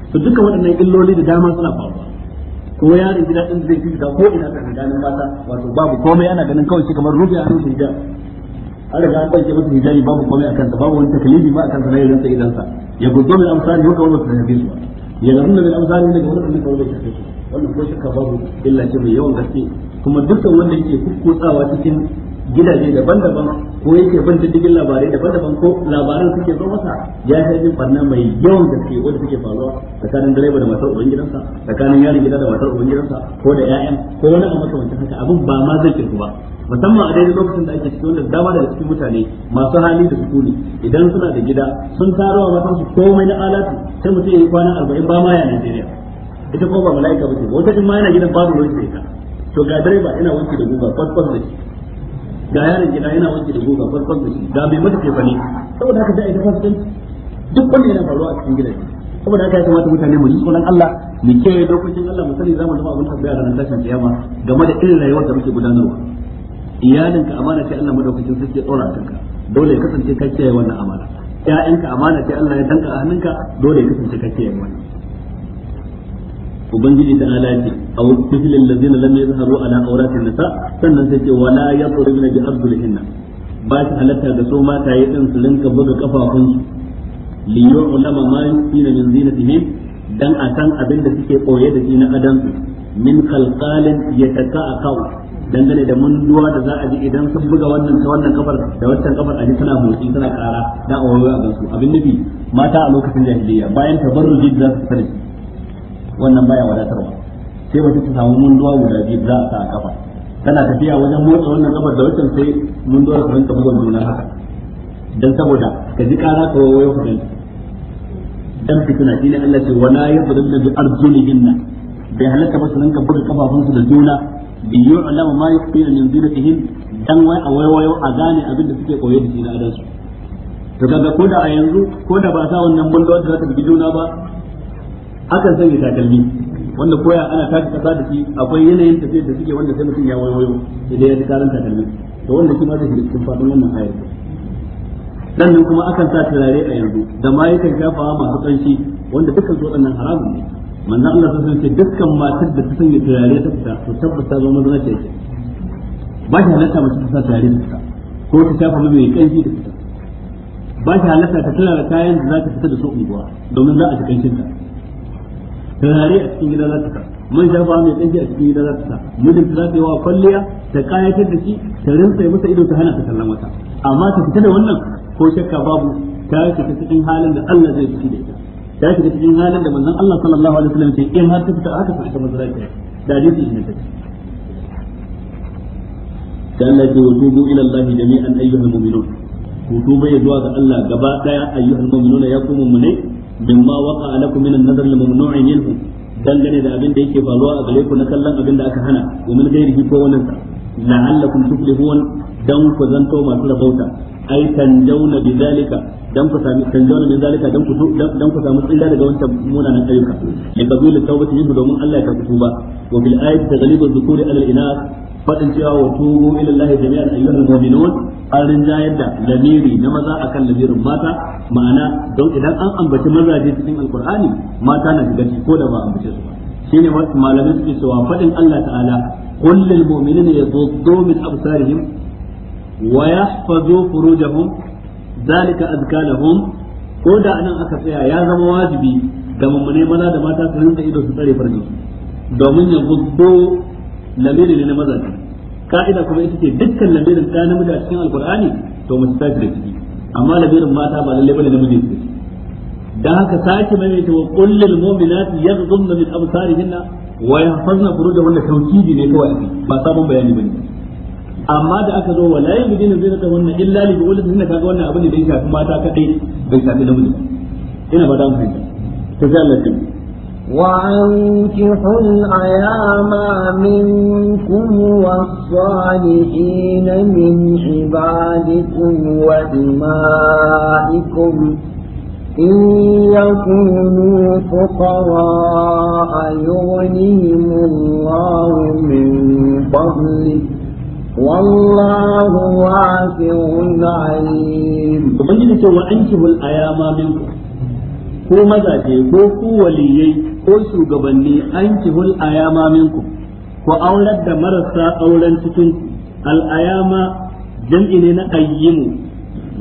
to duka waɗannan illoli da dama suna faruwa ko yaron gida ɗin zai fita ko ina ka ganin mata wato babu komai ana ganin kawai kamar rubi a rufe hijab an riga an ɗauke masa hijabi babu komai a kansa babu wani takalibi ba a kansa na yanzu idan sa ya gudu min amsari haka wani ba su su ba ya gudu min amsari daga wani ɗan kawai ba su su wannan ko shi ka babu illa ce mai yawan gaske kuma dukkan wanda yake kukkutsawa cikin gidaje daban-daban ko yake bin diddigin labarai daban-daban ko labaran suke zo masa ya yi barna mai yawan gaske wanda suke faruwa tsakanin direba da matar uban gidansa tsakanin yaron gida da matar uban gidansa ko da ƴaƴan ko wani abu makamancin haka abin ba ma zai kirku ba musamman a daidai lokacin da ake cikin wanda dama daga cikin mutane masu hali da sukuni idan suna da gida sun tarowa su komai na alatu sai mutum ya yi kwana arba'in ba ma ya Najeriya ita ko ba mala'ika ba ce wata in ma yana gidan babu ruwan ita to ga direba ina wanki da guga kwaskwas da shi ga yaron gida yana wanke da goga farkon da shi ga mai mata fane saboda haka sai ita fasikanci duk wanda yana faruwa a cikin gidaje saboda haka ya kamata mutane mu yi tsoron Allah mu kiyaye dokokin Allah mu sani zamu zama abin tabbaya ranar tashin kiyama game da irin rayuwar da muke gudanarwa iyalinka amana ce Allah madaukakin sai ke tsora kanka dole ya kasance ka kiyaye wannan amana ƴaƴanka amana ce Allah ya danka a hannunka dole ya kasance ka kiyaye wannan ubangiji ta ala ce aw tiflil ladzina lam yazharu ala awratin nisa sannan sai ce wala yadribna bi arjulihinna ba shi halatta ga so mata yi din su rinka buga kafafunsu li ulama ma yusina min zinatihim dan akan abin da suke ɓoye da shi na adam min a yataka'aqaw dangane da munduwa da za a ji idan sun buga wannan ta wannan kafar da wancan kafar a ji tana motsi tana kara da a wayo a abin nufi mata a lokacin jahiliya bayan tabarruji da za su fara wannan baya wadatarwa sai mace ta samu munduwa guda biyu za a sa a kafa Kana tafiya wajen motsa wannan kafa da wancan sai mun munduwar su rinka bugun juna haka dan saboda ka ji kara ka wayo kudin dan fitina ne Allah ce wala yadrun bi arjulihinna bai halaka ba su rinka buga kafafunsu da juna bi yu'lamu ma yuqina min zinatihim dan wai a wayo a gane abin da suke koyi da jina adansu to kaga ko da a yanzu ko da ba sa wannan bullo da ta bi juna ba akan sanya takalmi wanda koya ana tashi kasa da shi akwai yanayin tafiyar da suke wanda sai mutum ya wayo idan ya ji karan takalmi to wanda shi ma zai shiga cikin fadin wannan ayar sannan kuma akan sa turare a yanzu da ma shafawa masu ƙanshi wanda dukkan su waɗannan haramun ne manzon Allah sun san ce dukkan matar da ta sanya turare ta fita to tabbata zo mazana ce ke ba shi halatta mace ta sa turare ta fita ko ta shafa mai ƙanshi ta fita ba shi halatta ta da kayan da za ta fita da su unguwa domin za a ci ƙanshin ta turare a cikin gida za ta sa man shafa mai kanshi a cikin gida za ta sa mijin za ta yi wa kwalliya ta kayatar da shi ta rinsa masa ido ta hana ta kallon wata amma ta fita da wannan ko shakka babu ta yi fita cikin halin da Allah zai fushi da ita ta fita cikin halin da manzon Allah sallallahu alaihi wasallam ce in har ta fita aka sa ta mazara ta da hadisi shi ne ta قال لك وتوبوا الى الله جميعا ايها المؤمنون وتوبوا يدوا الله غبا دايا ايها المؤمنون يا قوم منين bimma waqa lakum min an-nadr al-mamnu'i minhu dangane da abin da yake faruwa a gare ku na kallon abin da aka hana wa min ghairihi ko wannan sa la'allakum tuflihun dan ku zanto masu rabauta ai tanjauna bidalika dan ku sami tanjauna bidalika dan ku dan ku samu tsira daga wancan munanan ayyuka li qabuli tawbati minhu domin Allah ya karbi tuba wa bil ayati taghlibu dhukuri ala al-inas Faɗin cewa wa tubu ila Allah jami'an ayyuhal mu'minun an rinjayar da lamiri na maza akan lamirin mata ma'ana don idan an ambaci mazaje cikin alqur'ani mata na shiga ko da ba ambace su ba shine malamin suke cewa faɗin Allah ta'ala qul lil mu'minina yaghuddu min absarihim wa yahfazu furujahum zalika azka lahum ko da anan aka tsaya ya zama wajibi ga mummune maza da mata su rinka ido su tsare farji domin ya guddo lamiri ne na mazaje ka'ida kuma ita ce dukkan labirin ta namiji a cikin alkur'ani to mace ta da ciki amma labirin mata ba lalle bane namiji ciki. da haka sake mai ta wa kullul mu'minati yaghdhunna min absarihinna wa yahfazna furujahunna tawkidi ne kawai ba sabon bayani bane amma da aka zo wa la yubdina zinata wannan illa li bu'ulatihinna kaga wannan abin da ya shafi mata kadai bai shafi namiji ina ba da mu fahimta to sai Allah ya وأنكحوا الأيام منكم والصالحين من عبادكم وإمائكم إن يكونوا فقراء يغنيهم الله من فضله والله واسع عليم. وبنجد وأنكحوا الأيام منكم ko mazaje ko ku waliyai ko shugabanni an hul ayama minku ku aurar da marasa auren cikin al ayama jam'i ne na ayyimu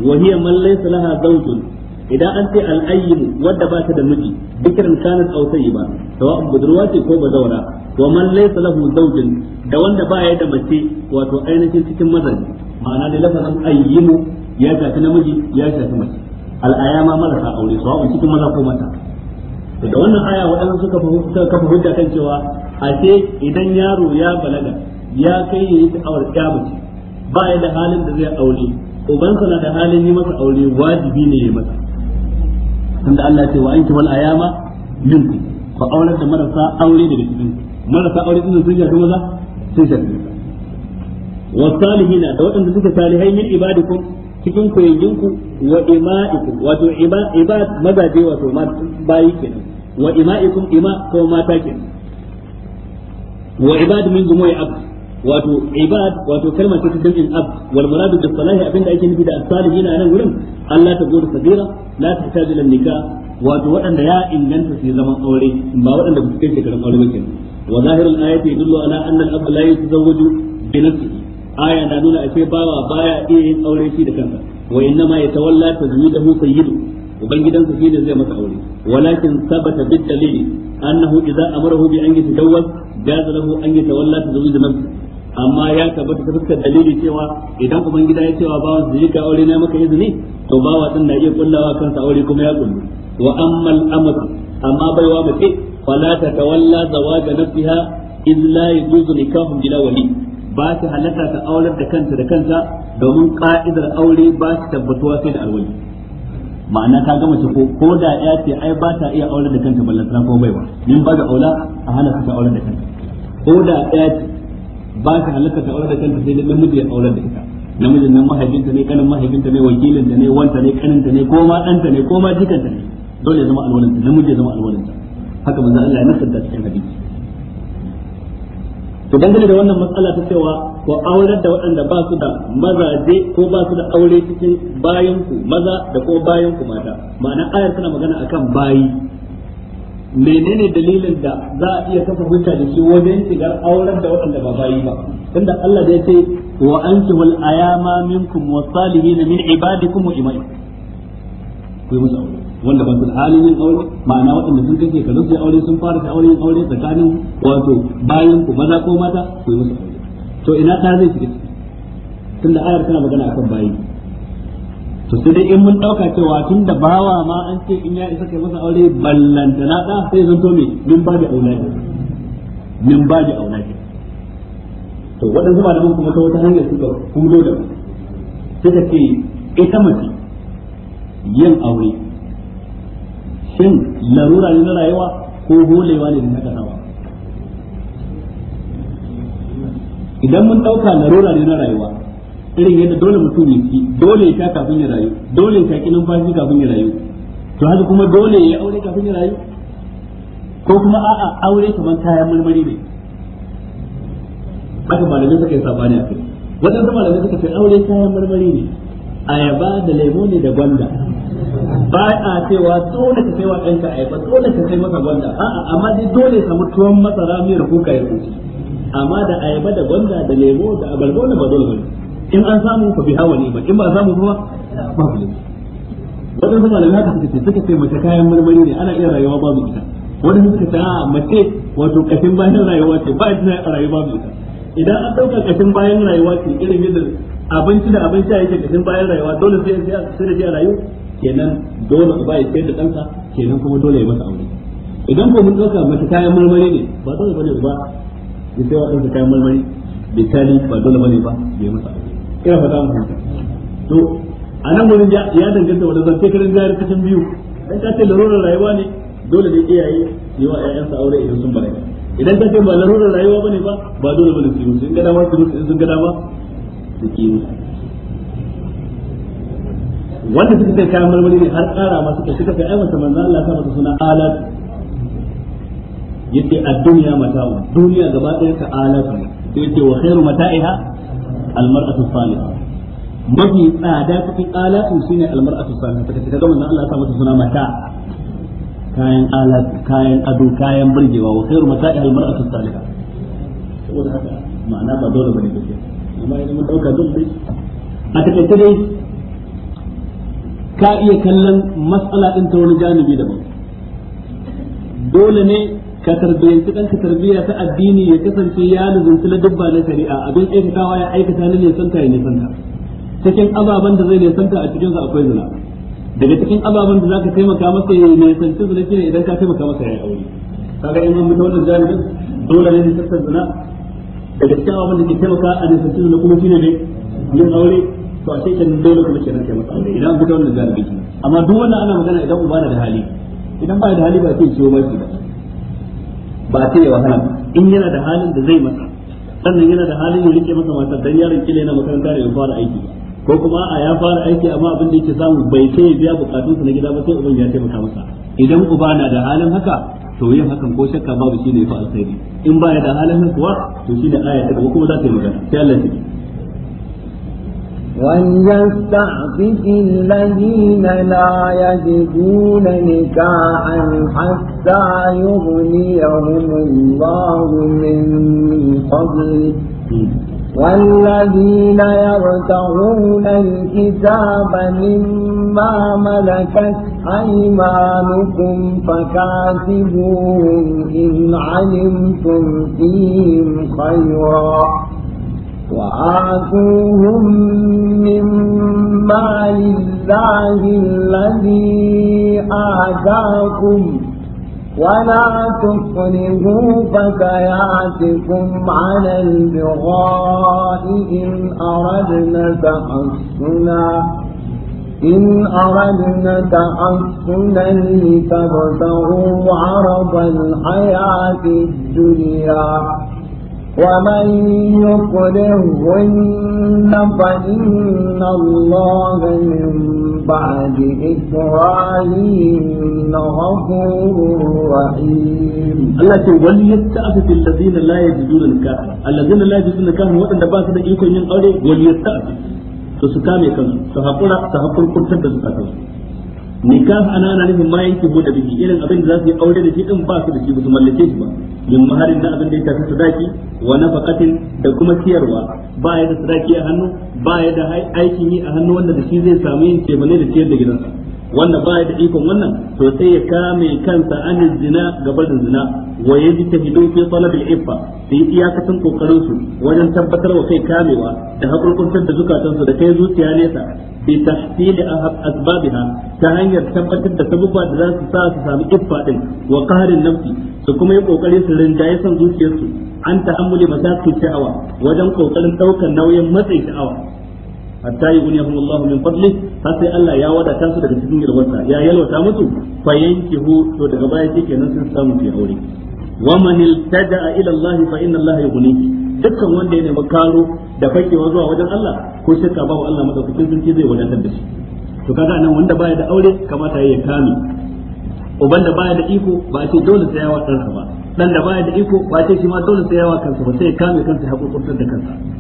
wa hiya man laysa laha zawjun idan an ce ayyimu wadda ba ta da miji dukkan kanat aw tayyiba sawa'un budurwa ce ko bazawara wa man laysa lahu zawjun da wanda ba ya da mace wato ainihin cikin mazaje ma'ana da lafazin ayyimu ya shafi namiji ya shafi mace al'ayama marasa aure sawa'un cikin maza ko mata da wannan aya waɗansu suka kafa hujja kan cewa a ce idan yaro ya balaga ya kai ya yi da'awar kyamace ba ya da halin da zai aure ubansa na da halin yi masa aure wajibi ne ya masa tunda Allah ce wa an wal ayama minku fa aurar da marasa aure daga cikin marasa aure din sun shafi maza sun shafi wa salihina da waɗanda suka salihai min ibadikum cikin koyayyinku wa ima'ikum wato ibad mazaje wato bayi kenan wa ima'ikum ima ko mata kenan wa ibad min jumu'i abd wato ibad wato kalmar ta dangin abd wal salahi abinda ake nufi da as-salihin nan gurin Allah ta gode sabira la tahtaju lin nikah wato waɗanda ya inganta su zaman aure ba waɗanda ba su kai shekarun aure ba kenan wa zahirul ayati yadullu ala anna al-abd la yatazawwaju bi nafsihi aya na nuna ashe bawa baya iya yin aure shi da kansa wa inna ma yatawalla tazwidahu sayyidu ubangidansa shine zai masa aure walakin sabata bid dalili annahu idza amarahu bi an yatazawwaj jaza lahu an yatawalla tazwid nafsi amma ya tabbata ta fuskar dalili cewa idan ubangida ya cewa bawa zai yi ka aure na maka izini to bawa din na iya kullawa kansa aure kuma ya kullu wa ammal amatu amma baiwa mace fala tatawalla zawaja nafsiha iz la yujuzu nikahun bila wali ba ta halatta ta aurar da kanta da kanta domin ka'idar aure ba ta tabbatuwa sai da alwali ma'ana ta gama ko ko da ya ce ai ba ta iya aurar da kanta ballan sana ko baiwa min ba da aula a hana ta aurar da kanta ko da ya ce ba ta halatta ta aurar da kanta sai da namiji ya aurar da ita namijin nan mahaifinta ne kanin mahaifinta ne wakilinta ne wanta ne kaninta ne ko ma ɗanta ne ko ma jikanta ne dole ya zama alwalanta namiji ya zama alwalanta haka manzo Allah ya nasanta cikin hadisi to dangane da wannan matsala ta cewa ko aurar da waɗanda ba su da mazaje ko ba su da aure cikin bayan ku maza da ko bayan ku mata ma'ana ayar tana magana akan bayi menene dalilin da za a iya kafa hujja da shi wajen shigar aurar da waɗanda ba bayi ba tunda Allah da ya ce wa ankihul ayama minkum wasalihin min ibadikum wa imai ku yi musu aure wanda ban su halin yin aure ma'ana waɗanda sun kake ka su aure sun fara ta aure yin aure tsakanin wato bayan ku maza ko mata ku yi musu aure to ina ta zai shiga ciki da ayar tana magana akan bayi to sai dai in mun dauka cewa tun da bawa ma an ce in ya isa kai masa aure ballantana da sai zan to me min ba da auladi min ba da auladi to waɗansu malaman kuma ta wata hanyar suka kulo da sai ta ce ita mace yin aure shin larura ne na rayuwa ko golewa ne na kasawa idan mun dauka larura ne na rayuwa irin yadda dole mutum ya ci dole ya sha kafin ya rayu dole ya shaki bashi kafin ya rayu to haka kuma dole ya aure kafin ya rayu ko kuma a'a aure kaman kayan marmari ne haka nan suka yi sabani a kai wadansu malamai suka ce aure kayan marmari ne ayaba da lemo ne da gwanda ba a cewa dole ka kai wa ɗanka ayaba dole ka kai masa gwanda a'a amma dai dole ya samu tuwon masara mai kuka ya kuci amma da ayaba da gwanda da lemo da abarba wannan ba dole bane in an samu fa bi hawa ne ba in ba samu ba ba ku wadan kuma malamai haka suka ce suka ce mace kayan marmari ne ana iya rayuwa babu ita wadan suka ce a mace wato kashin bayan rayuwa ce ba ita rayuwa babu ita idan an ɗauka kashin bayan rayuwa ce irin yadda abinci da abin sha yake kashin bayan rayuwa dole sai sai da shi a rayu kenan dole ba ya sayar da ɗansa kenan kuma dole ya masa aure idan ko mun ɗauka mace kayan marmari ne ba dole bane ba. ya sai wa ɗansa kayan marmari bisani ba dole bane ba ya masa aure kira fata mu to a nan wurin ya danganta wanda zan karin gari cikin biyu dan ka ce larurar rayuwa ne dole ne iyaye yi wa ƴaƴansa aure idan sun balaga idan ka ce ba larurar rayuwa bane ba ba dole bane su yi musu in ga dama su musu in sun ga dama su ki musu wanda suka kai kayan marmari ne har tsara masu kai suka kai aiwata manzo Allah ta mata suna alat yace ad-dunya mata'u duniya gaba ɗaya ta alat ne yace wa khairu mata'iha al-mar'atu salihah mafi tsada cikin alatu shine al-mar'atu salihah take kaga manzo Allah ta mata suna mata kayan alat kayan ado kayan burgewa wa khairu mata'iha al-mar'atu salihah saboda haka ma'ana ba dole bane gaskiya amma idan mun dauka dole a takaice dai ka iya kallon matsala ɗin ta wani janibi daban dole ne ka tarbiyyanci dan ka tarbiyya ta addini ya kasance ya lubunci na dubba na shari'a abin aikatawa ya aikata ne santa ya nisanta cikin ababen da zai santa a cikin akwai zina daga cikin ababen da zaka taimaka masa ya nisanci zina shine idan ka taimaka masa ya aure kaga in mun mutu wannan janibin dole ne nisantar zina daga cikin ababen da ke taimaka a nisanci zina kuma shine ne yin aure to a sai kenan dole kuma kenan kai masa idan an fita wannan galibi amma duk wannan ana magana idan uba da hali idan ba da hali ba sai ciwo mai ba ba sai ya wahala in yana da halin da zai masa sannan yana da halin ya rike masa mata dan yaron kila yana makaranta da ya fara aiki ko kuma a ya fara aiki amma abin da yake samu bai sai ya biya bukatunsa na gida ba sai uban ya taimaka masa idan uba na da halin haka to yin hakan ko shakka babu shine ya fi alkhairi in ba ya da halin haka kuwa to shine aya ta ko kuma za ta yi magana sai Allah ya وليستعفف الذين لا يجدون نكاحا حتى يغنيهم الله من فضله والذين يرتغون الكتاب مما ملكت أيمانكم فكاتبوهم إن علمتم فيهم خيرا وعافوهم من مال الله الذي آتاكم ولا تكرهوا فتياتكم على البغاء إن أردنا تحصنا إن أردنا تحصنا لتبتغوا عرض الحياة الدنيا ومن يكرهن فإن الله من بعد إكراههن غفور رحيم التي وليستأسف الذين لا يجدون الكافر الذين لا يجدون الكافر وأن باس da ikon yin aure وليستأسف su su kame kansu su haƙura su haƙurƙurtar nikah ana ana nufin ma bude da biki irin abin da za su yi aure da shi din ba su da shi ba su mallake shi ba min maharin da abin da ya tafi sadaki wa nafaqatin da kuma siyarwa ba ya da sadaki a hannu ba ya da aikin yi a hannu wanda da shi zai samu yin cebane da ciyar da gidansa wannan ba da ikon wannan to sai ya kame kansa an zina gabar da zina wa yajtahidu fi talab al-iffa sai iyakacin kokarin su wajen tabbatar wa kai kamewa da hakurkuntar da zukatansu da kai zuciya nesa bi tahsil asbabiha ta hanyar tabbatar da sabubba da za su sa su samu iffa din wa qahrin nafsi su kuma yi kokari su rinjaye san zuciyarsu an ta'ammuli masaqi sha'awa wajen kokarin daukar nauyin matsayi sha'awa hatta yughniyahum Allah min fadli har sai Allah ya wadata su daga cikin yarwarsa ya yalwata musu fa yankihu to daga baya nan sun samu fi aure wa man iltaja'a ila Allah fa inna Allah yughnihi dukkan wanda ya nemi karo da fakewa zuwa wajen Allah ko shakka babu Allah madaukakin sarki zai wadatar da shi to kaga nan wanda baya da aure kamata ya kame uban da baya da iko ba a ce dole sai ya wa ba dan da baya da iko ba ce shi ma dole sai ya wa ba sai ya kame kansa ya haƙurƙurtar da kansa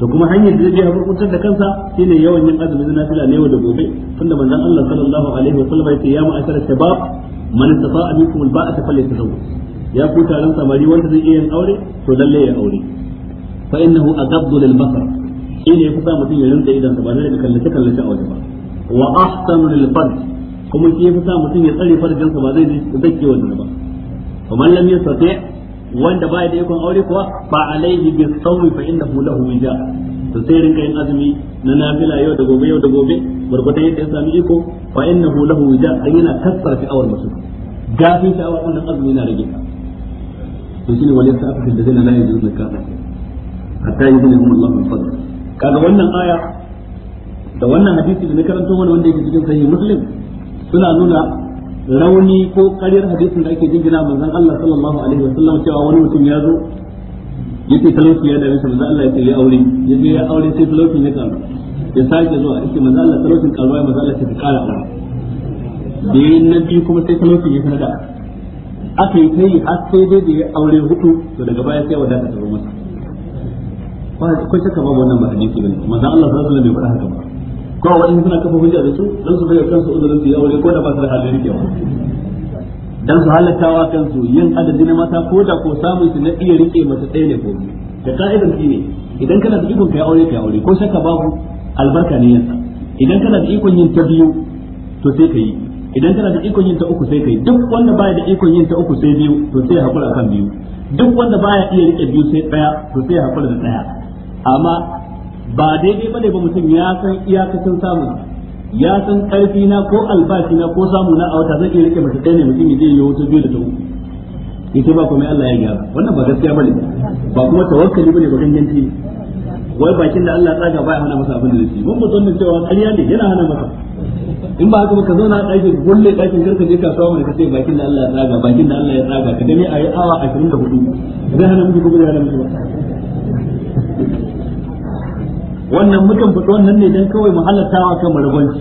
to kuma hanyar da zai hakurkutar da kansa shine yawan yin azumi na fila ne da gobe tunda manzon Allah sallallahu alaihi wa sallam yace ya ma'ashar shabab man istata'a minkum alba'ata falyatazawwaj ya ku taron samari wanda zai iya yin aure to lalle ya aure fa innahu aghaddu lil basar ne ya sa mutum ya rinka idan sa ba zai kallace kallace aure ba wa ahsanu lil farj kuma shi ya fi sa mutum ya tsare farjinsa ba zai zake wannan ba kamar lam yastati' wanda ba da ikon aure kuwa ba alaihi bi sawmi fa innahu lahu wija to sai rinka yin azumi na nafila yau da gobe yau da gobe barkwata yadda ya sami iko fa innahu lahu wija dan yana tassara fi awar mutum gafin ta awar wannan azumi na rage to shine wal aka da zai a ta yi hatta yudinahum Allah min fadl kaga wannan aya da wannan hadisi da na karanto mana wanda yake cikin sahih muslim suna nuna rauni ko karyar hadisin da ake jingina manzon Allah sallallahu alaihi wasallam cewa wani mutum ya zo yace talauci ya dame shi manzon Allah ya ce ya aure yace ya aure sai talauci ya karu ya sake zuwa yace manzon Allah talaucin karuwa ya manzon Allah ya kara aure da yayin na biyu kuma sai talauci ya sanada aka yi kai har sai dai da ya aure hudu to daga baya sai wadata ta zo masa ba ko shakka babu wannan ba hadisi bane manzon Allah sallallahu alaihi wasallam bai faɗa haka ba ko wani suna kafa hujja da su dan su bai kansu uzurin su ya aure ko da ba su da halin rikewa dan su halattawa kansu yin adadi na mata ko da ko samun su na iya rike mace ɗaya ne ko da ka'idar shi ne idan kana da ikon kai aure kai aure ko shakka babu albarka ne yasa idan kana da ikon yin ta biyu to sai ka yi idan kana da ikon yin ta uku sai ka yi duk wanda baya da ikon yin ta uku sai biyu to sai hakura kan biyu duk wanda baya iya rike biyu sai daya to sai hakura da daya amma ba daidai ne ba mutum ya san iyakacin samu ya san karfi na ko albashi na ko samu na a wata zai iya rike mace ɗaya ne mutum ya yi wata biyu da ta uku ita ba kuma Allah ya gyara wannan ba gaskiya bane ba kuma tawakkali bane ba ganganci wai bakin da Allah tsaga ya hana masa abin da yake mun mutum ne cewa ƙarya ne yana hana masa in ba haka ba ka zauna a ɗakin gulle ɗakin garka je kasuwa ka ce bakin da Allah ya tsaga bakin da Allah ya tsaga ka dame yi awa 24 zai hana miki kuma zai hana miki ba wannan mutum fito wannan ne dan kawai mu halattawa kan maragwanci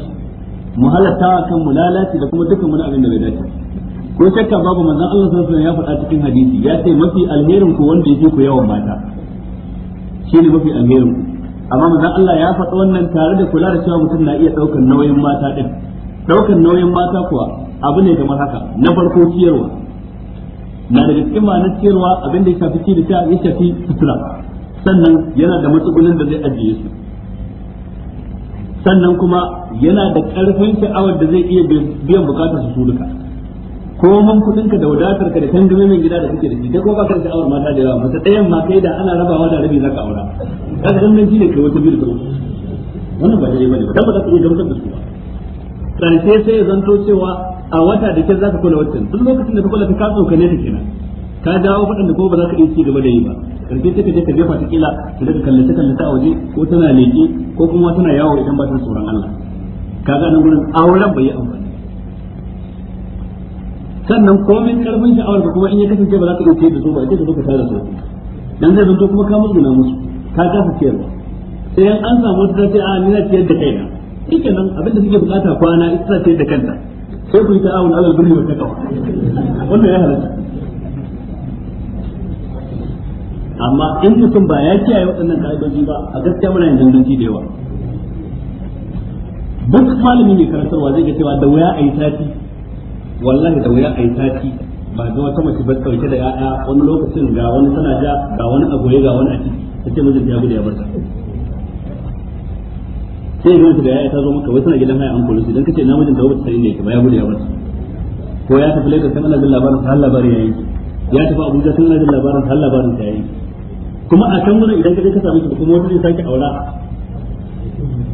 mu halattawa kan mu lalace da kuma dukkan wani abin da bai dace ko shakka babu manzon Allah sallallahu alaihi wasallam ya faɗa cikin hadisi ya ce mafi alherin ku wanda yake ku yawan mata shine mafi alherin ku amma manzon Allah ya faɗa wannan tare da kula da cewa mutum na iya daukar nauyin mata din daukar nauyin mata kuwa abu ne kamar haka na farko ciyarwa na daga cikin ma'anar ciyarwa abin da ya shafi ci da ya shafi sutura sannan yana da matsugunin da zai ajiye su sannan kuma yana da ƙarfin sha'awar da zai iya biyan bukatar su duka ko mun kudin ka da wadatar ka da min gida da kake da shi da ko ba ka sha'awar mata da yawa mata ɗayan ma kai da ana rabawa da rabi zaka aura kaga gangan ne kai wata biyu da wannan ba dai bane ba tabbata ku iya gamsar da su ba karshe sai zan zanto cewa a wata da ke zaka kula waccan duk lokacin da ka kula ka kaso ka ne ta kenan ka jawo waɗanda ko ba za ka iya ci gaba da yi ba karfe take je ka jefa ta kila ta daga kallace kallace a waje ko tana leke ko kuma tana yawo idan ba ta tsoron Allah Ka ga nan gurin auren bai yi amfani sannan komai karfin sha'awar ka kuma in ya kasance ba za ka iya ci da su ba ita ka zo da su dan zai zanto kuma ka na musu ka su ciyarwa sai an samu wata sai ce a ni na ciyar da kaina shike nan abin da suke bukata kwana ita ta ciyar da kanta sai ku yi ta'awun alal birri wa taqwa wannan ya halatta amma in mutum ba ya kiyaye waɗannan ka'idoji ba a gaskiya muna yin danganci da yawa duk malamin ne karantarwa zai ga cewa da wuya a yi sati wallahi da wuya a yi sati ba ga wata mace ba dauke da ya'ya wani lokacin ga wani tana ja ga wani a goye ga wani a ciki ta ce mijinta ya gudu ya barta sai ga wata da ya'ya ta zo maka wai tana gidan haya an kula don idan kace namijin da wata ta da ne ba ya gudu ya barta ko ya tafi Lagos kan ana jin labarin ta har labarin yayi ya tafi Abuja kan ana jin labarin ta har labarin ta yayi kuma a kan wurin idan ka je ka same kuma wata zai sake aura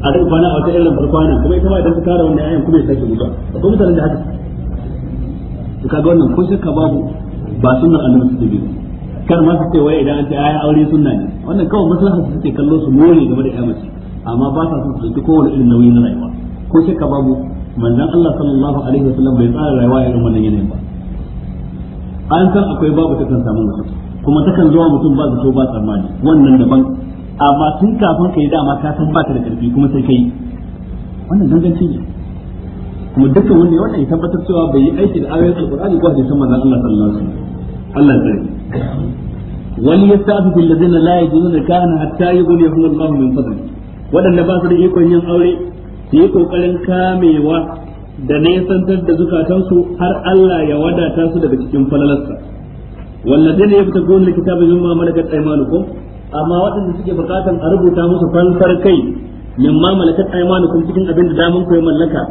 a duk kwana a wata irin lambar kwana kuma ita ma idan ka kara wani ayan kuma ya sake mutuwa kuma mutanen da haka su kaga wannan ko shakka babu ba sunan annabi su bi kar ma su ce wai idan an ce ayan aure sunna ne wannan kawai maslaha su suke kallo su more game da iyamaci amma ba sa son su dauki kowane irin nauyi na rayuwa ko shakka babu manzon Allah sallallahu alaihi wasallam bai tsara rayuwa irin wannan yanayin ba an san akwai babu ta kan samun mutum kuma ta kan zuwa mutum ba su zato ba tsammani wannan daban amma tun kafin ka yi dama ka san ba ta da karfi kuma sai kai wannan ganganci ne kuma dukkan wanda wannan ya tabbatar cewa bai yi aiki da ayoyin alqur'ani ko hadisan manzon Allah sallallahu alaihi wasallam Allah tsare wal yastafifu alladhina la yajiduna kana hatta yughniyahum Allah min fadli wadanda ba su da ikon yin aure su yi kokarin kamewa da santar da zukatansu har Allah ya wadata su daga cikin falalarsa والذين يبتغون الكتاب مما ملكت ايمانكم اما waɗanda suke bukatan a rubuta musu fansar kai mimma malakat aymanukum cikin abin da damun ku mallaka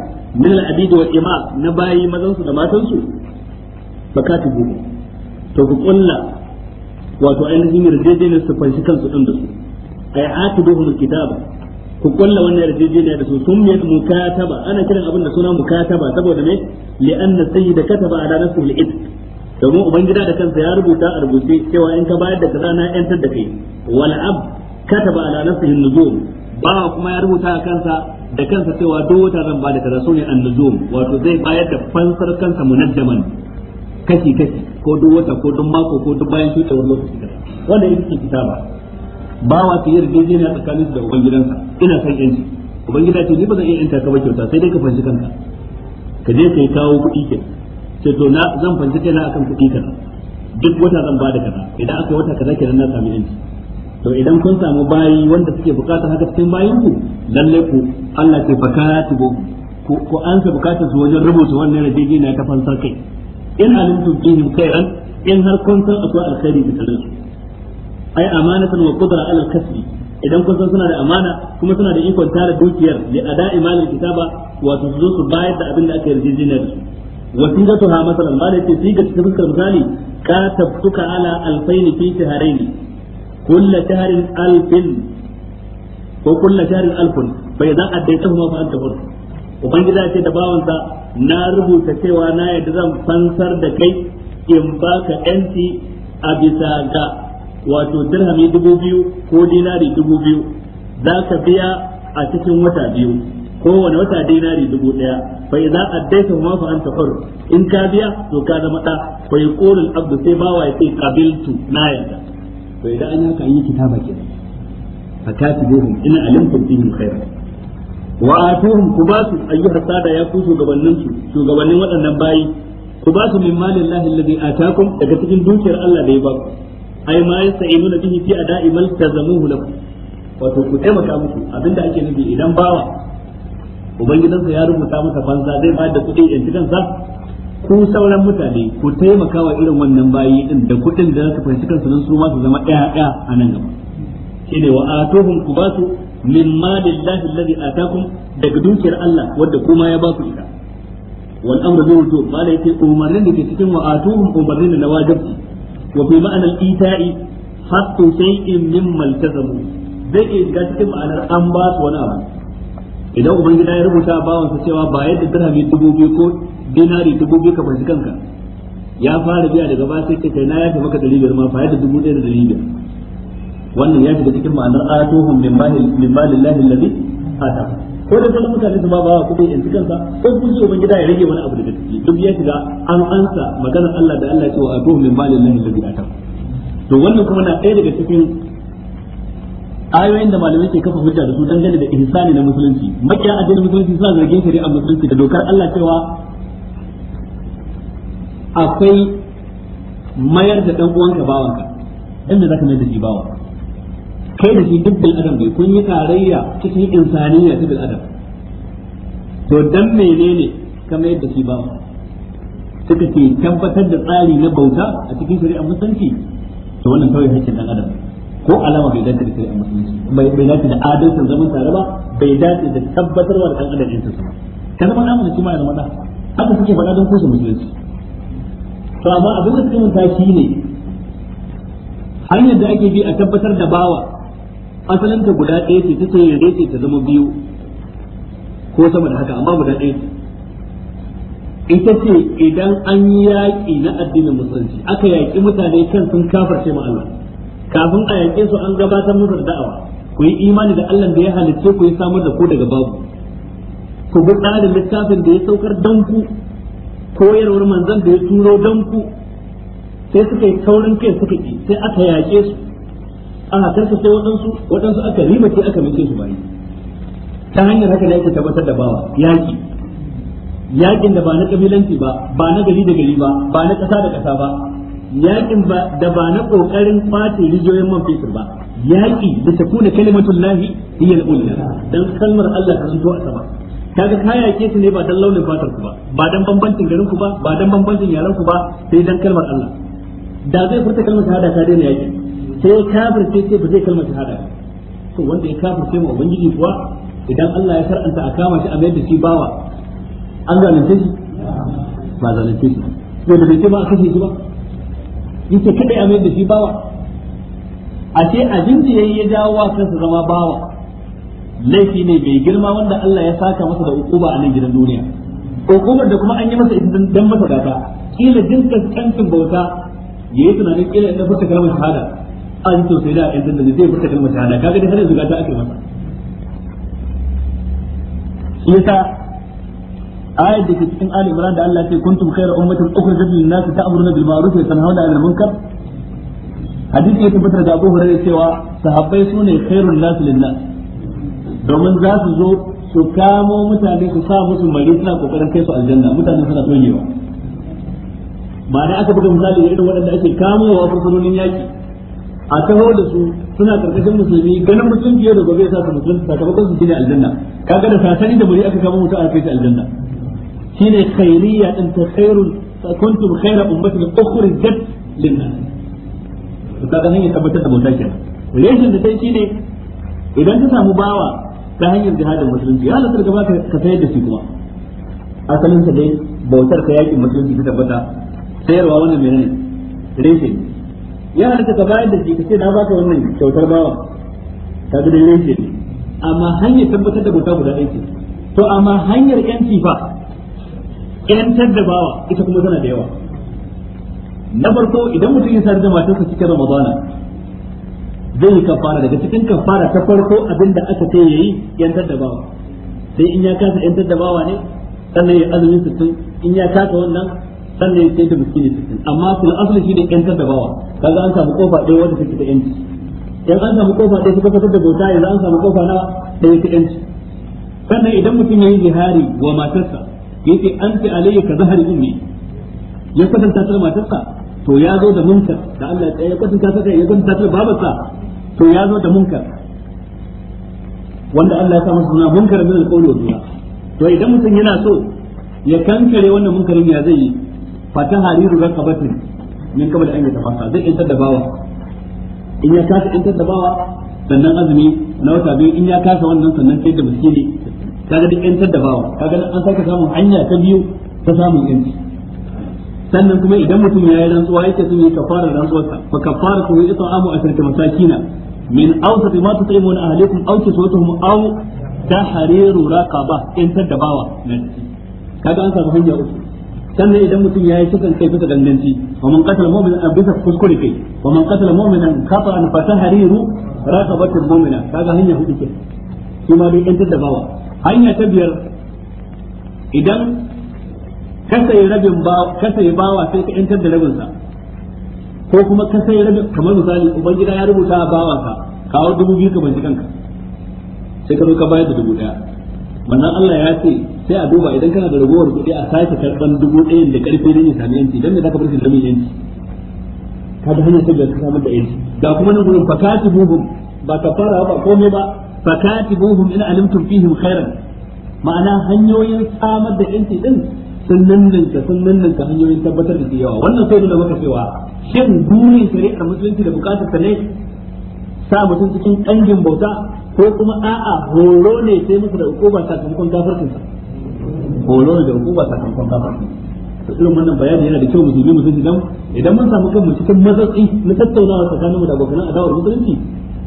min al-abid ima na bayi mazan su da matan su bakatu bu to ku kulla wato ainihin yarjejeniyar su fanshi kansu din da su ay atibuhum kitaba ku kulla wannan yarjejeniya da su sun yi mukataba ana kiran abin da suna mukataba saboda ne sayi da kataba ala nafsihi al domin ubangida da kansa ya rubuta a rubuce cewa in ka bayar da kaza na yantar da kai wal ab kataba ala nafsihi nuzum ba kuma ya rubuta a kansa da kansa cewa duk wata zan ba da kaza sune an nuzum wato zai bayar da fansar kansa munajjaman kashi kashi ko duk wata ko duk mako ko duk bayan shutewar lokaci kaza wannan yake cikin kitaba ba wa yarda yi yarjejeniya tsakanin da ubangidansa ina san yanci ubangida ce ni ba zan iya yanta ka ba kyauta sai dai ka fanshi kanka ka je ka yi kawo kuɗi kenan sai to na zan fanci kaina akan kuɗi kaza duk wata zan bada kaza idan aka wata kaza kenan na sami yanci to idan kun samu bayi wanda suke bukatar haka cikin bayin ku lalle ku Allah ke bakatu ku ku ansa bukatar su wajen rubuta wannan rajiji na kafan sarkai in alimtum fihim khairan in har kun san akwai alkhairi da tare su ai amanatan wa qudra ala kasbi idan kun san suna da amana kuma suna da ikon tara dukiyar li ada'i malil kitaba wato su zo su bayar da abin da aka yarjejeniya da su وسيرتها مثلا ما ليس سيجة تذكر مثالي كاتبتك على ألفين في شهرين كل شهر ألف وكل شهر ألف فإذا أديتهما فأنت حر وبنجد أتي دباونتا na rubuta cewa na yadda zan fansar da kai in baka yanci a bisa ga wato dirhami dubu biyu ko dinari dubu biyu za ka biya a cikin wata biyu kowane wata dinari dubu daya fa idza addaita ma fa anta hur in ka biya to ka zama da fa yaqulu al abdu sai bawa ya ce qabiltu na yarda to idan an haka an yi kitaba ke fa katibuhum in alimtum bihim khairan wa atuhum kubasu ayyuha sada ya ku shugabannin su shugabannin waɗannan bayi kubasu min malillahi alladhi atakum daga cikin dukiyar Allah da ya ba ku ai ma yasta'inuna bihi fi ada'i mal tazamuhu lakum wato ku taimaka muku abinda ake nufi idan bawa ubangidansa ya rubuta masa banza zai bayar da kuɗi yanci kansa ku sauran mutane ku taimaka wa irin wannan bayi din da kuɗin da za su fahimci kansu don su ma su zama ɗaya ɗaya a nan gaba shine wa atuhum kubasu min malillahi alladhi atakum daga dukiyar Allah wadda kuma ya ba ku ita wal amru bil wutu bala yake umarnin da ke cikin wa atuhum umarnin na wajibi wa fi ma'anar ita'i haqqu shay'in mimma iltazamu zai ke ga cikin ma'anar an basu wani abu idan ubangida ya rubuta bawansa cewa ba yadda dirhami dubu biyu ko dinari dubu biyu ka fanci kanka ya fara biya daga ba sai kai na ya fi maka dari biyar ma fa yadda dubu ɗaya da dari biyar wannan ya shiga cikin ma'anar ayatuhum min min malillahi alladhi ata ko da sauran mutane su ba ba ku bai yanzu kansa ko ku ji ubangida ya rage wani abu daga ciki duk ya shiga an ansa maganar Allah da Allah ya ce wa atuhum min malillahi alladhi ata to wannan kuma na ɗaya daga cikin ayoyin da malamai ke kafa hujja da su dangane da ihsani na musulunci makiya addinin musulunci suna zargin shari'a musulunci da dokar Allah cewa akwai mayar da dan uwanka bawanka inda zaka mai da shi bawa kai da shi duk adam bai kun yi tarayya cikin insaniya ta bil adam to dan menene ka mayar da shi bawa suka ce tabbatar da tsari na bauta a cikin shari'a musulunci to wannan kawai hakkin dan adam ko alama bai dace da shari'ar musulunci bai dace da adalcin zaman tare ba bai dace da tabbatarwa da kan adalcin sa kan zama namu shi ma ya zama da haka suke faɗa don kusa musulunci to amma abin da suke manta shi ne hanyar da ake bi a tabbatar da bawa asalin ta guda ɗaya ce ta sayyare ce ta zama biyu ko sama da haka amma guda ɗaya ce ita ce idan an yi yaƙi na addinin musulunci aka yaƙi mutane kan sun kafarce ma Allah kafin a yanke su an gabatar musu da'awa ku yi imani da Allah da ya halitta ku ya samar da ku daga babu ku bi tsarin littafin da ya saukar dan ku koyarwar manzon da ya turo dan ku sai suka yi taurin kai suka yi sai aka yaƙe su aka karka sai waɗansu waɗansu aka ribace aka mace su bayi ta hanyar haka ne ake tabbatar da bawa yaƙi yaƙin da ba na kabilanci ba ba na gari da gari ba ba na ƙasa da ƙasa ba yakin ba da ba na kokarin kwace rijiyoyin man fetur ba yaki da ta kuna kalimatul lahi hiya al-ulya dan kalmar Allah ta zo a sama kaga ka yake su ne ba dan launin fatar ku ba ba dan bambancin garin ku ba ba dan bambancin yaran ku ba sai dan kalmar Allah da zai furta kalmar shahada ta daina yaki sai kafir sai ce ba zai kalmar shahada to wanda ya kafir sai ma ubangiji kuwa idan Allah ya kar'anta a kama shi a mayar da shi bawa an zalunce shi ba zalunce shi ba da bai ce ba a kashe shi ba yake kadai a mai da shi bawa a ce abin da yayi ya jawo wa sa zama bawa laifi ne mai girma wanda Allah ya saka masa da ukuba a nan gidan duniya ukubar da kuma an yi masa ita dan masa gata kila jinkan kancin bauta yayi tunanin kila idan furta kalmar shahada an to sai da idan da zai furta kalmar shahada kaga da har yanzu gata ake masa yasa Aya da ke cikin Ali Imran da Allah ce kuntum khayra ummatin ukhrijat lin nas ta'muruna bil ma'ruf wa tanhauna 'anil munkar hadisi ya tabbatar da Abu Hurairah cewa sahabbai sune khairun nas domin za su zo su kamo mutane su sa musu mari suna kokarin kai su aljanna mutane suna yawa. ba da aka buga misali da irin waɗanda ake kamowa fursunonin yaƙi a taho da su suna ƙarƙashin musulmi ganin musulunci da gobe sa su musulunci sakamakon su shine aljanna kaga da sasani da bari aka kama mutum a kai aljanna shine khairiyya din ta khairul kuntum khaira ummatin ukhrijat linnas to kaga hanyar tabbatar da bauta kenan relation da sai shine idan ka samu bawa ta hanyar jihadin musulunci ya halatta gaba ka sayar da shi kuma asalin sa dai bautar ka yakin musulunci ta tabbata sayarwa wannan menene reshe ya halatta ka bayar da shi ka ce na baka wannan kyautar bawa ka da dai reshe amma hanyar tabbatar da bauta guda ɗaya ce to amma hanyar yanci fa yantar da bawa ita kuma tana da yawa na farko idan mutum ya sayar da matarsa cikin ramadana zai yi kafara daga cikin kafara ta farko abin da aka ce yi yantar da bawa sai in ya kasa yantar da bawa ne sannan ya azumin sittin in ya kasa wannan sannan ya sai ta miskini sittin amma fil asali shi ne yantar da bawa kaga an samu kofa ɗaya wanda take ta ƴanci, idan an samu kofa ɗaya suka fitar da bauta yanzu an samu kofa nawa ɗaya ta ƴanci sannan idan mutum ya yi jihari wa matarsa yace anti alayya ka zahari ummi ya kwatanta ta matarsa to ya zo da munkar da Allah ya kwatanta ta kai ya kwatanta ta babarsa to ya zo da munkar wanda Allah ya sa masa suna munkar min alqawli wa dunya to idan mutum yana so ya kankare wannan munkarin ya zai yi fata hariru raqabatin min kabal an tafasa zai intar da bawa in ya kasa intar da bawa sannan azumi na wata biyu in ya kasa wannan sannan sai da miskini kaga duk yantar da bawa kaga an sake samun hanya ta biyu ta samun yanci sannan kuma idan mutum ya yi rantsuwa yake sun yi kafarar rantsuwarsa fa kafara ku yi ita'amu asharta masakina min awsati ma tut'imuna ahlikum aw kiswatuhum aw tahriru raqaba yantar da bawa kaga an samu hanya uku sannan idan mutum ya yi kisan kai bisa danganci wa man qatala mu'minan bisa kuskure kai wa man qatala mu'minan khata'an fa tahriru raqabatil mu'mina kaga hanya hudu ke kuma dai yantar da bawa hanya ta biyar idan ka sayi rabin ka sayi bawa sai ka yantar da rabin sa ko kuma ka sayi rabin kamar misali ubangida ya rubuta a bawa ka kawo dubu biyu ka banci kanka sai ka zo ka bayar da dubu daya wannan Allah ya ce sai a duba idan kana da ragowar kuɗi a sake karɓar dubu ɗayan da ƙarfi don ya sami yanci don me zaka ka bar shi da yanci ka da hanyar sai da ka samar da yanci ga kuma nan gurin fakati buhum ba ka fara ba komai ba fakatibuhum in alimtum fihim khairan ma'ana hanyoyin samar da yanci din sun nanninka sun nanninka hanyoyin tabbatar da yawa wannan sai da maka cewa shin burin shari'ar musulunci da bukatar ta ne sa mutum cikin kangin bauta ko kuma a'a horo ne sai musu da sa ne da irin wannan bayani yana da kyau musulmi mu dan idan mun samu kanmu cikin matsatsi na tattaunawa tsakaninmu da abokan adawar musulunci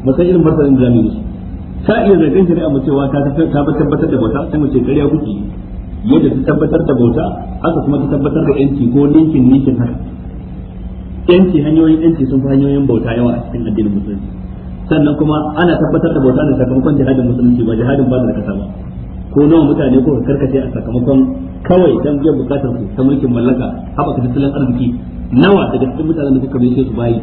mu san irin martanin da zamu yi musu ta iya zargin shari'a mu cewa ta ta tabbatar da bauta sai mu ce ƙarya kuke yadda ta tabbatar da bauta haka kuma ta tabbatar da yanci ko ninkin ninkin haka yanci hanyoyin yanci sun fi hanyoyin bauta yawa a cikin addinin musulunci sannan kuma ana tabbatar da bauta da sakamakon jihadin musulunci ba jihadin ba da kasa ba ko nawa mutane ko karkace a sakamakon kawai dan biyan bukatar su ta mulkin mallaka haɓaka tattalin arziki nawa daga cikin mutanen da suka bishe su bayi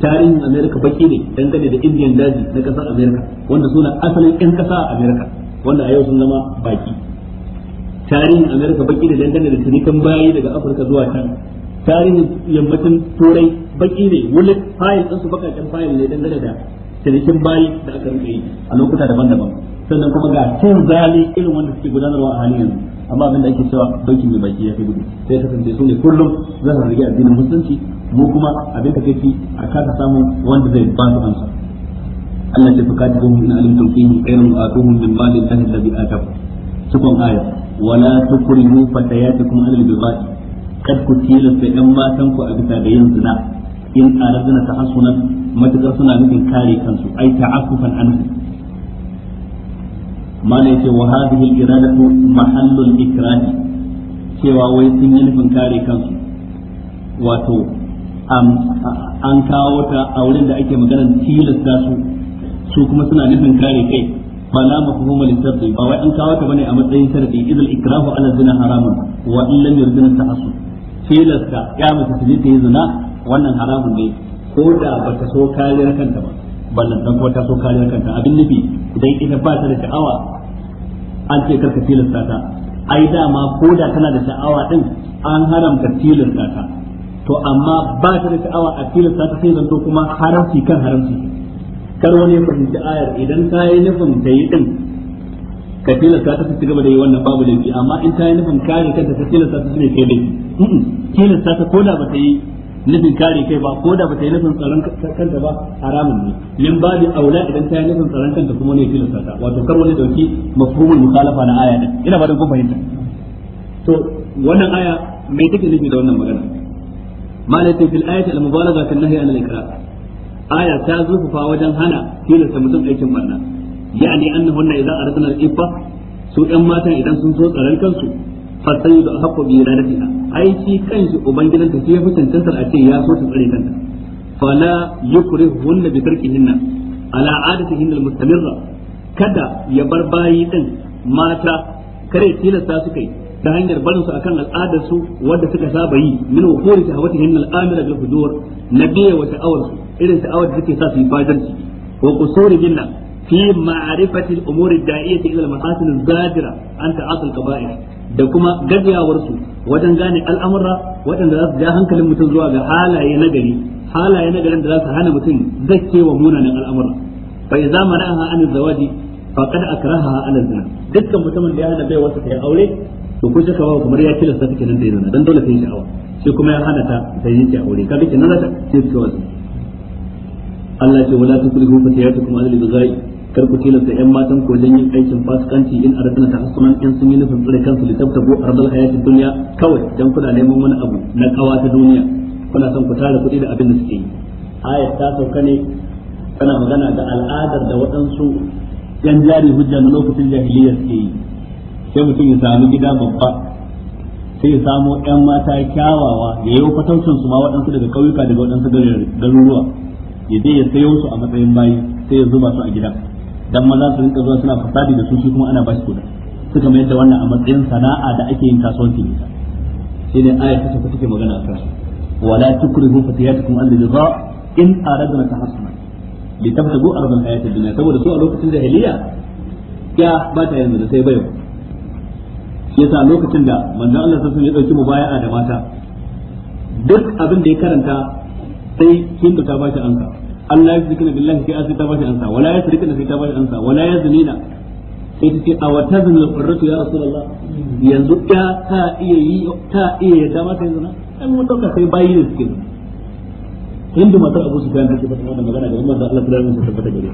tarihin America baki ne dangane da Indian daji na kasar America wanda suna asalin yan kasa a America wanda a yau sun zama baki tarihin America baki ne dangane da cinikan bayi daga Afirka zuwa can tarihin yammacin turai baki ne wani fayil ɗansu bakakken fayil ne dangane da cinikin bayi da aka rufe a lokuta daban-daban sannan kuma ga cin zali irin wanda suke gudanarwa a halin yanzu amma abin da ake cewa dauki mai baki ya fi gudu sai kasance su ne kullum za su rage addinin musulunci mu kuma abin da kake a kasa samu wanda zai ba su kansa. Allah ya fukata hum in alimtum fihi khairun atuhum min mali Allah alladhi ataku cikon aya wala tukrihu fatayatikum alal bibati kad kutila fa yan matan ku a bisa da yin zina in aradna tahassunan matakar suna nufin kare kansu ai ta'affufan anhu ما ليس وهذه الإرادة محل الإكراه سوى ويسن ينفن كاري كنسو واتو أم an kawo ta a wurin da ake maganar tilasta su su kuma suna nufin kare kai bana la mafhuma li sharri an kawo ta bane a matsayin sharri idal ikrahu ala zina haramun wa in lam yurdina tahassu ya mace ta je ta yi zina wannan haramun ne ko da bata so kariyar kanta ba ballan dan kuma ta so kariyar kanta abin nufi idan ita ba ta da sha'awa an ce karka tilasta ta ai dama ko da tana da sha'awa din an haramta tilasta ta to amma ba ta da sha'awa a tilasta ta sai zanto kuma haramci kan haramci kar wani ya fahimci ayar idan ta yi nufin ta yi din ka tilasta ta ci gaba da yi wannan babu laifi amma in ta yi nufin kare kanta ta tilasta ta ne kai laifi tilasta ta ko da ba ta yi nufin kare kai ba ko da ba ta yi nufin tsaron kanta ba haramun ne min ba babu aula idan ta yi nufin tsaron kanta kuma ne kila sata wato kar wani dauki mafhumul mukhalafa na aya din ina ba da kun fahimta to wannan aya me take nufi da wannan magana malaka fil ayati al mubalagha kan nahyi an al ikra aya ta zufufa wajen hana tilasta mutum aikin barna yani annahunna idza aradna al ifa su ɗan matan idan sun so tsaron kansu fasayu da haqqu bi iradatiha ai shi kanshi ubangidanta ta ya fi cancantar a ce ya so ta tsare kanta fala yukrihunna bi tarkihinna ala adatihinna almustamirra kada ya bar bayi din mata kare tilasta su kai ta hanyar barin su akan al'adar su wadda suka saba yi min wukuri ta hawata hinnal amira bil hudur na biya wa ta'awar su irin ta'awar da take sa su yi fadanci wa qusuri minna fi ma'rifati al-umuri ad-da'iyati ila al-mahasin az-zadira an ta'atul qaba'ir da kuma gajiyawarsu wajen gane al'amura waɗanda za su ja hankalin mutum zuwa ga halaye nagari halaye nagarin da za su hana mutum zakewa munanan al'amura fa idza mana'aha an zawaji faqad akrahaha ala zina dukkan mutumin da ya hana bai wasa kai aure to ko shaka wa kamar ya tilasta take nan da yana dan dole sai sha'awa sai kuma ya hana ta sai yin aure kaga kenan za ta ce cewa Allah ya ce wala tukrihu fatiyatukum ala al-ghayb kar ku tilasta yan matan ku yin aikin fasikanci in ta tahassunan 'yan sun yi nufin tsare kansu li tabtabu ardal hayatin Duniya kawai dan kuna neman wani abu na kawa ta duniya kuna son ku tara kuɗi da abin da suke yi ayat ta sauka ne tana magana da al'adar da waɗansu yan jari hujja na lokacin jahiliya suke yi sai mutum ya samu gida babba sai ya samo yan mata kyawawa ya yi fataucin su ma waɗansu daga ƙauyuka daga waɗansu garuruwa ya je ya sayo su a matsayin bayi sai ya zuba su a gidan dan maza su rinka zuwa suna fasadi da su shi kuma ana bashi kuɗi suka mayar da wannan a matsayin sana'a da ake yin kasuwanci ne shi ne ayat ta tafi take magana a kansu wala tukrihu fatiyatukum al ridha in aradna tahassuna li tabtagu arda al hayat ad dunya saboda su a lokacin jahiliya ya ba ta yanzu da sai bayo shi yasa lokacin da manzon Allah sallallahu alaihi wasallam ya dauki mubaya'a da mata duk abin da ya karanta sai kin ta ba shi anka Allah ya zikina billahi sai asita bashi ansa wala ya zikina sai ta bashi ansa wala ya zinina sai ta ce a wata zuna qurratu ya rasulullah yanzu ta ta iya yi ta iya ya dama ta yanzu na an dauka sai bayi ne suke inda matar Abu Sufyan take fata wannan magana da Umar da Allah ya alaihi ta fata gare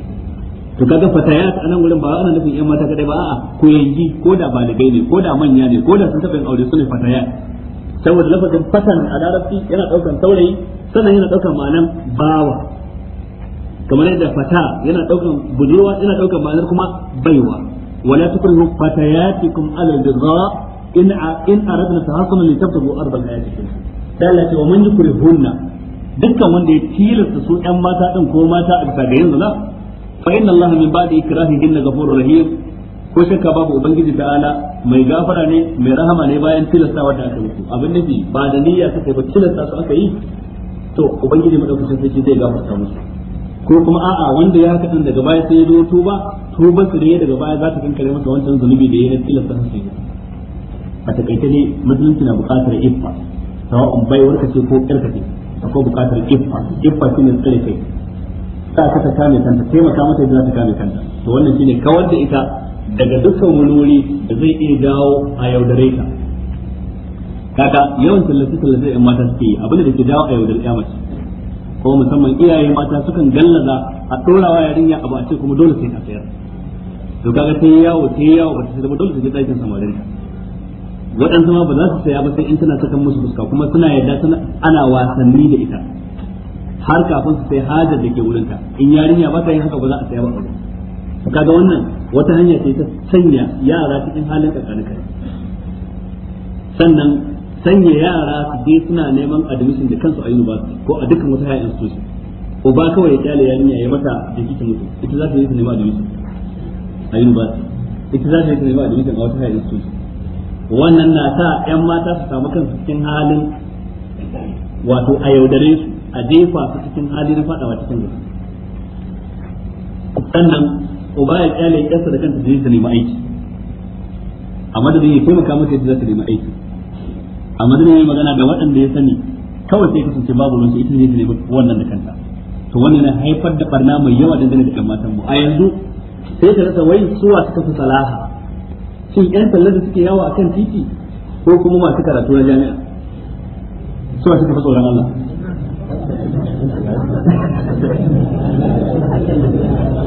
to kaga fatayat anan gurin ba ana nufin yan mata kadai ba a'a ko yanki ko da baligai ne ko da manya ne ko da sun taba yin aure su ne fatayat saboda lafazin fatan a larabci yana daukan saurayi sannan yana daukan ma'anan bawa kamar yadda fata yana daukan budurwa yana daukan ma'anar kuma baiwa wala tukrihu fatayatikum ala al-ridha in in aradna tahassunan li tabtagu arba hayatikum dan Allah wa man yukrihunna dukkan wanda ya tilasta su ɗan mata ɗin ko mata a bisa ga yanzu na fa inna Allah min ba'di ikrahihinna ghafurur rahim ko shakka babu ubangiji ta'ala mai gafara ne mai rahama ne bayan tilastawa da aka mutu abin nufi ba da niyya suka yi ba tilasta su aka yi to ubangiji madaukakin sarki zai gafarta musu ko kuma a'a wanda ya haka daga baya sai ya zo tuba tuba su ya daga baya za ta kankare masa wancan zunubi da ya yi tilas ta hasu a takaice ne musulunci na buƙatar iffa sawa'un baiwar ka ce ko karka ce akwai buƙatar iffa iffa shine tsare kai ta ka ta kame kanta taimaka mata yadda za ta kame kanta to wannan shine kawar da ita daga dukkan wani wuri da zai iya dawo a yaudare ta kaka yawan tallace tallace yan mata suke yi abin da ke dawo a yaudare ya mace ko musamman iyaye mata sukan gallaza a dorawa yarinya abu a ce kuma dole sai ta sayar to kaga sai yawo sai yawo ba ta zama dole ta je samarin waɗansu ma ba za su saya ba sai in tana sakan musu fuska kuma suna yadda ana wasanni da ita har kafin su sai hajar da ke wurinta in yarinya ba ta yin haka ba za a saya ba aure kaga wannan wata hanya ce ta sanya yara cikin halin kakanin sannan sanya yara su je suna neman admission da kansu a university ko a dukkan wata higher institution uba kawai ya kyale yarin ya mata da kike mutu ita za ta yi ta neman admission a university ita za ta yi ta neman admission a wata higher institution wannan na sa yan mata su samu kansu cikin halin wato a yaudare su a jefa su cikin hali na wa cikin gudu sannan uba ya kyale ya kyasa da kanta da yi su neman aiki a madadin ya taimaka mata yadda za ta neman aiki a madina yi magana ga waɗanda ya sani kawai sai kasance babu ruwan ita ne ne wannan da kanta to wannan na haifar da barna mai yawa dangane da kan matan mu a yanzu sai ka rasa wai suwa suka fi salaha shin yan talla da suke yawa akan titi ko kuma masu karatu na jami'a suwa suka fi tsoron Allah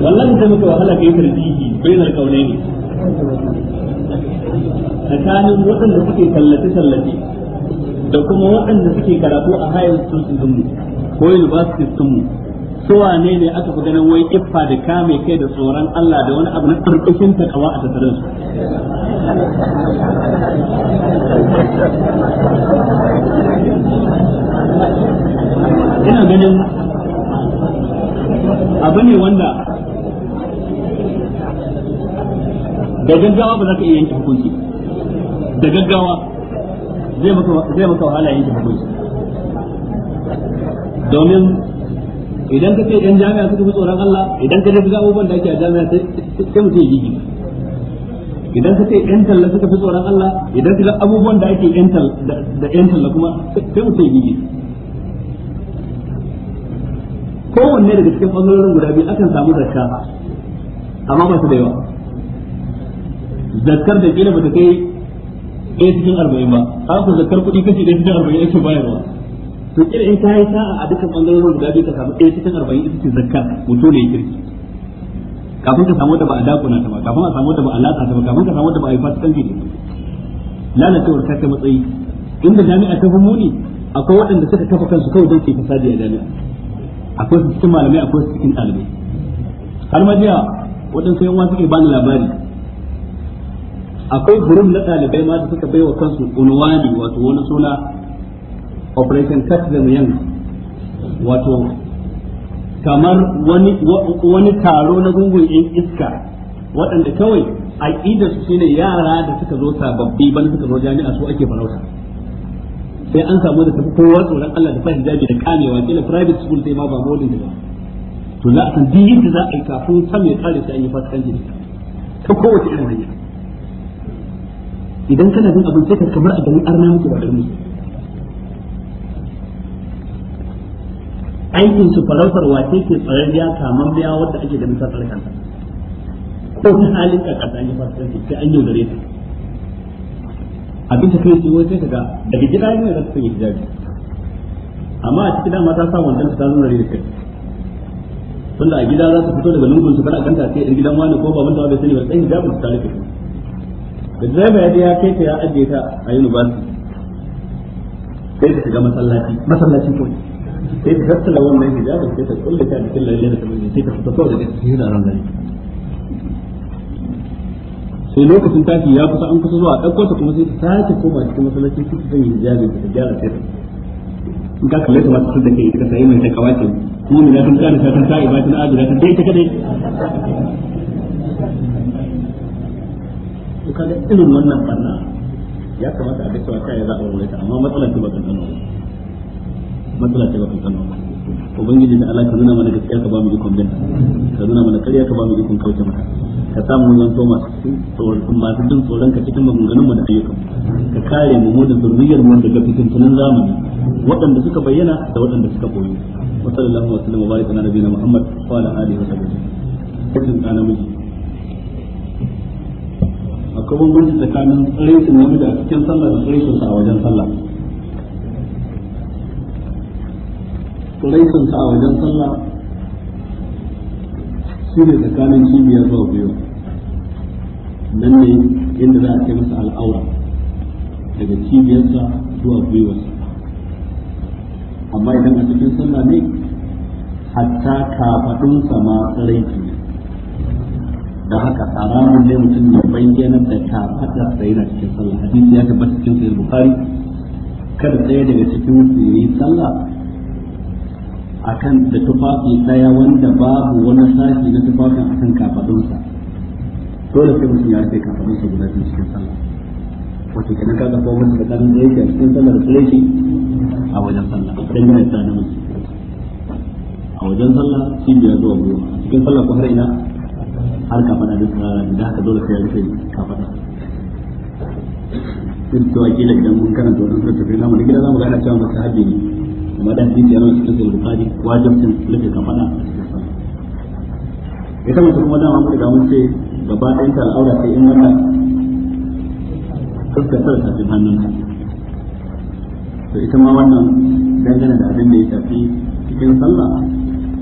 wallahi sai muka wahala kai tarjihi bainar kaune ne tsakanin waɗanda suke tallace-tallace da kuma waɗanda suke karatu a hayar schools din mu ko university din mu su wane ne aka fi ganin wai iffa da kame kai da tsoron Allah da wani abu na karkashin takawa a tattare su ina ganin abu ne wanda da gaggawa ba za ka iya yanke hukunci da gaggawa zai maka zai maka wahala yin hukunci domin idan ka ce yan jami'a suka fi tsoron Allah idan ka je abubuwan da ake a jami'a sai sai mutum ya gigi idan ka ce yan talla suka fi tsoron Allah idan ka ga abubuwan da ake yan talla da yan talla kuma sai mutum ya gigi kowanne daga cikin bangarorin guda biyu akan samu zakka amma ba su da yawa zakkar da kila ba ta kai ɗaya cikin arba'in ba an ku zakar kuɗi kashi ɗaya cikin arba'in ake bayarwa to kira in ka yi sa'a a dukkan ɓangarorin guda biyu ka samu ɗaya cikin arba'in ita ce zakka mutum ne kirki kafin ka samu wata ba a dakuna ta ba kafin a samu wata ba a latsa ta ba kafin ka samu wata ba a yi fasikan ne lalacewar ta kai matsayi inda jami'a ta fi muni akwai waɗanda suka kafa kansu kawai don ke fasadi a jami'a akwai su cikin malamai akwai su cikin ɗalibai har ma jiya waɗansu yan ke bani labari akwai gurum na ɗalibai ma da suka baiwa kansu unwani wato wani suna operation cut them young wato kamar wani wani taro na gungun yan iska waɗanda kawai aqidar su shine yara da suka zo sababbi ban suka zo jami'a su ake farauta sai an samu da tafi kowa tsoron Allah da fahimta da kamewa kila private school sai ma ba modin da to za a san duk yadda za a yi kafin sam ya kare sai an yi fasikanci ta kowace irin hanya idan kana jin abin sai kamar a garin arna muke ba mu aikin su farautar wace ke tsararriya kamar biya wadda ake ganin ta tsarkanta ko ta halin ka kasa ne fasikanci sai an yaudare ta abin ta kai ce wai sai ka ga daga gida ne za ta sanya hijabi amma a cikin dama ta sa wandan ta nuna rere kai tunda a gida za ta fito daga lungun su kana ganta sai in gidan wani ko baban ta wanda sani ba sai hijabin ta rufe da direba ya je ya kai ta ya ajiye ta a university sai ta shiga masallaci masallaci ko sai ta tattala wannan hijabin sai ta kulle ta cikin lalle da kamar sai ta fita kawai daga cikin hijaran gari sai lokacin tafi ya kusa an kusa zuwa ɗauko ta kuma sai ta sake koma cikin masallaci sai ta sanya hijabin ta gyara sai ta in ka kalle ta ma ta da kai ta sai mai ta kawace mu ne na tun kana ta ta sa'i ba ta ta dai ta kadai to kaga irin wannan barna ya kamata a ga cewa kai za a aure ta amma matsalar ta bakan kano matsalar ta bakan kano ubangiji da Allah ka nuna mana gaskiya ka ba mu ikon din ka nuna mana kariya ka ba mu ikon kauce maka ka samu mu zanto masu masu jin tsoron ka cikin maganganun mu da ayyuka ka kare mu mu da zurriyar mu daga fitintunan zamani waɗanda suka bayyana da waɗanda suka koyi wa sallallahu alaihi wa sallam wa baraka ala nabiyina muhammad wa ala alihi wa sahbihi kana miji akwai bambanci tsakanin tsiraitin namiji a cikin sallah da tsiraitin sa a wajen sallah tsiraitin sa a wajen sallah shi ne tsakanin cibiyar zuwa biyu nan ne inda za a kai masa al'aura daga cibiyarsa zuwa gwiwarsa amma idan a cikin sallah ne hatta kafaɗinsa ma tsiraiti da haka haramun ne mutum ya bayyana da kafada sai na cikin sallah hadisi ya tabbata cikin sahih bukhari kada tsaye daga cikin su yayi sallah akan da tufafi daya wanda babu wani sashi na tufafin akan kafadunsa dole sai mutum ya rufe kafadunsa guda biyu cikin sallah wato kenan ka ga kowa da kan da yake cikin sallah da shi a wajen sallah dan yana tsana a wajen sallah shi ya zuwa a cikin sallah ko har ina har kafana duk ah, da haka dole sai ya rufe kafana sun cewa kila idan mun karanta wannan sunan tafi namu na gida zamu gana cewa masu hajji ne amma da hadisi yana cikin sahih bukhari wajibcin rufe kafana ita mace kuma dama mun riga mun ce gaba ɗayan ta al'aura sai in wannan fuskar ta hannun hannun to ita ma wannan dangane da abin da ya shafi cikin sallah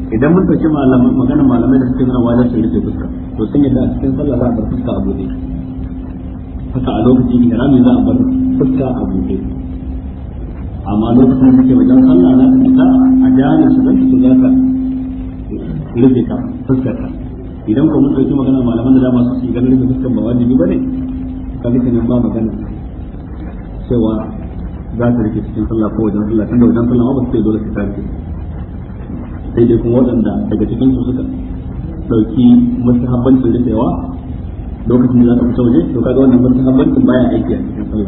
idan mun ɗauki malamai maganar malamai da suke nuna wajen su rufe fuska to sun yadda a cikin sallah za a bar fuska a buɗe haka a lokacin rami za a bar fuska a buɗe amma lokacin da kake wajen sallah na ka fita a jami'a su zan su zaka rufe ka fuskar ka idan ko mun ɗauki magana malaman da dama su su ganin rufe fuskar ba wajibi ba ne ka duka nan ba magana cewa za ta rike cikin sallah ko wajen sallah tunda wajen sallah ma ba su ce dole su ta rike sai dai kuma waɗanda daga cikin su suka dauki mustahabbancin rufewa lokacin da za ka fita waje to kaga wannan mustahabbancin baya aiki a cikin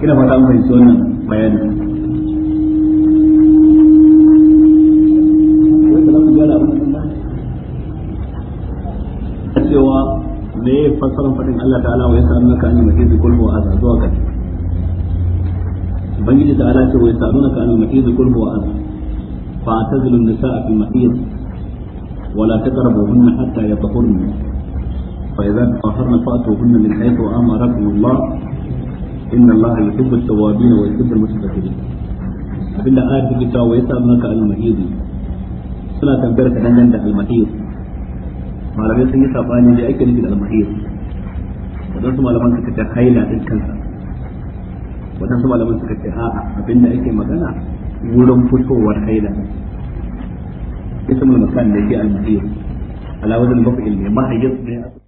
sallah kina fata an fahimci wannan bayani cewa me ya fassara faɗin Allah ta'ala wa ya sa'an naka an mahizi kulhu wa azza zuwa kace ubangiji ta'ala ce wa ya sa'an naka an mahizi kulhu wa azza fa tazlu nisa'a fi mahizi ولا تقربوهن حتى يطهرن فإذا تطهرن فأتوهن من حيث أمركم الله إن الله يحب التوابين ويحب المتطهرين abinda ayar take cewa wai sa maka al-mahidi suna tambayar ka dangane da al-mahid malamai sun yi sabani da ake nufi da al-mahid wadansu malaman suka ce haila din kansa wadansu malaman suka ce a'a abinda ake magana wurin fitowar haila ismul makan da yake al-mudir ala wazn maf'il ne mahayyin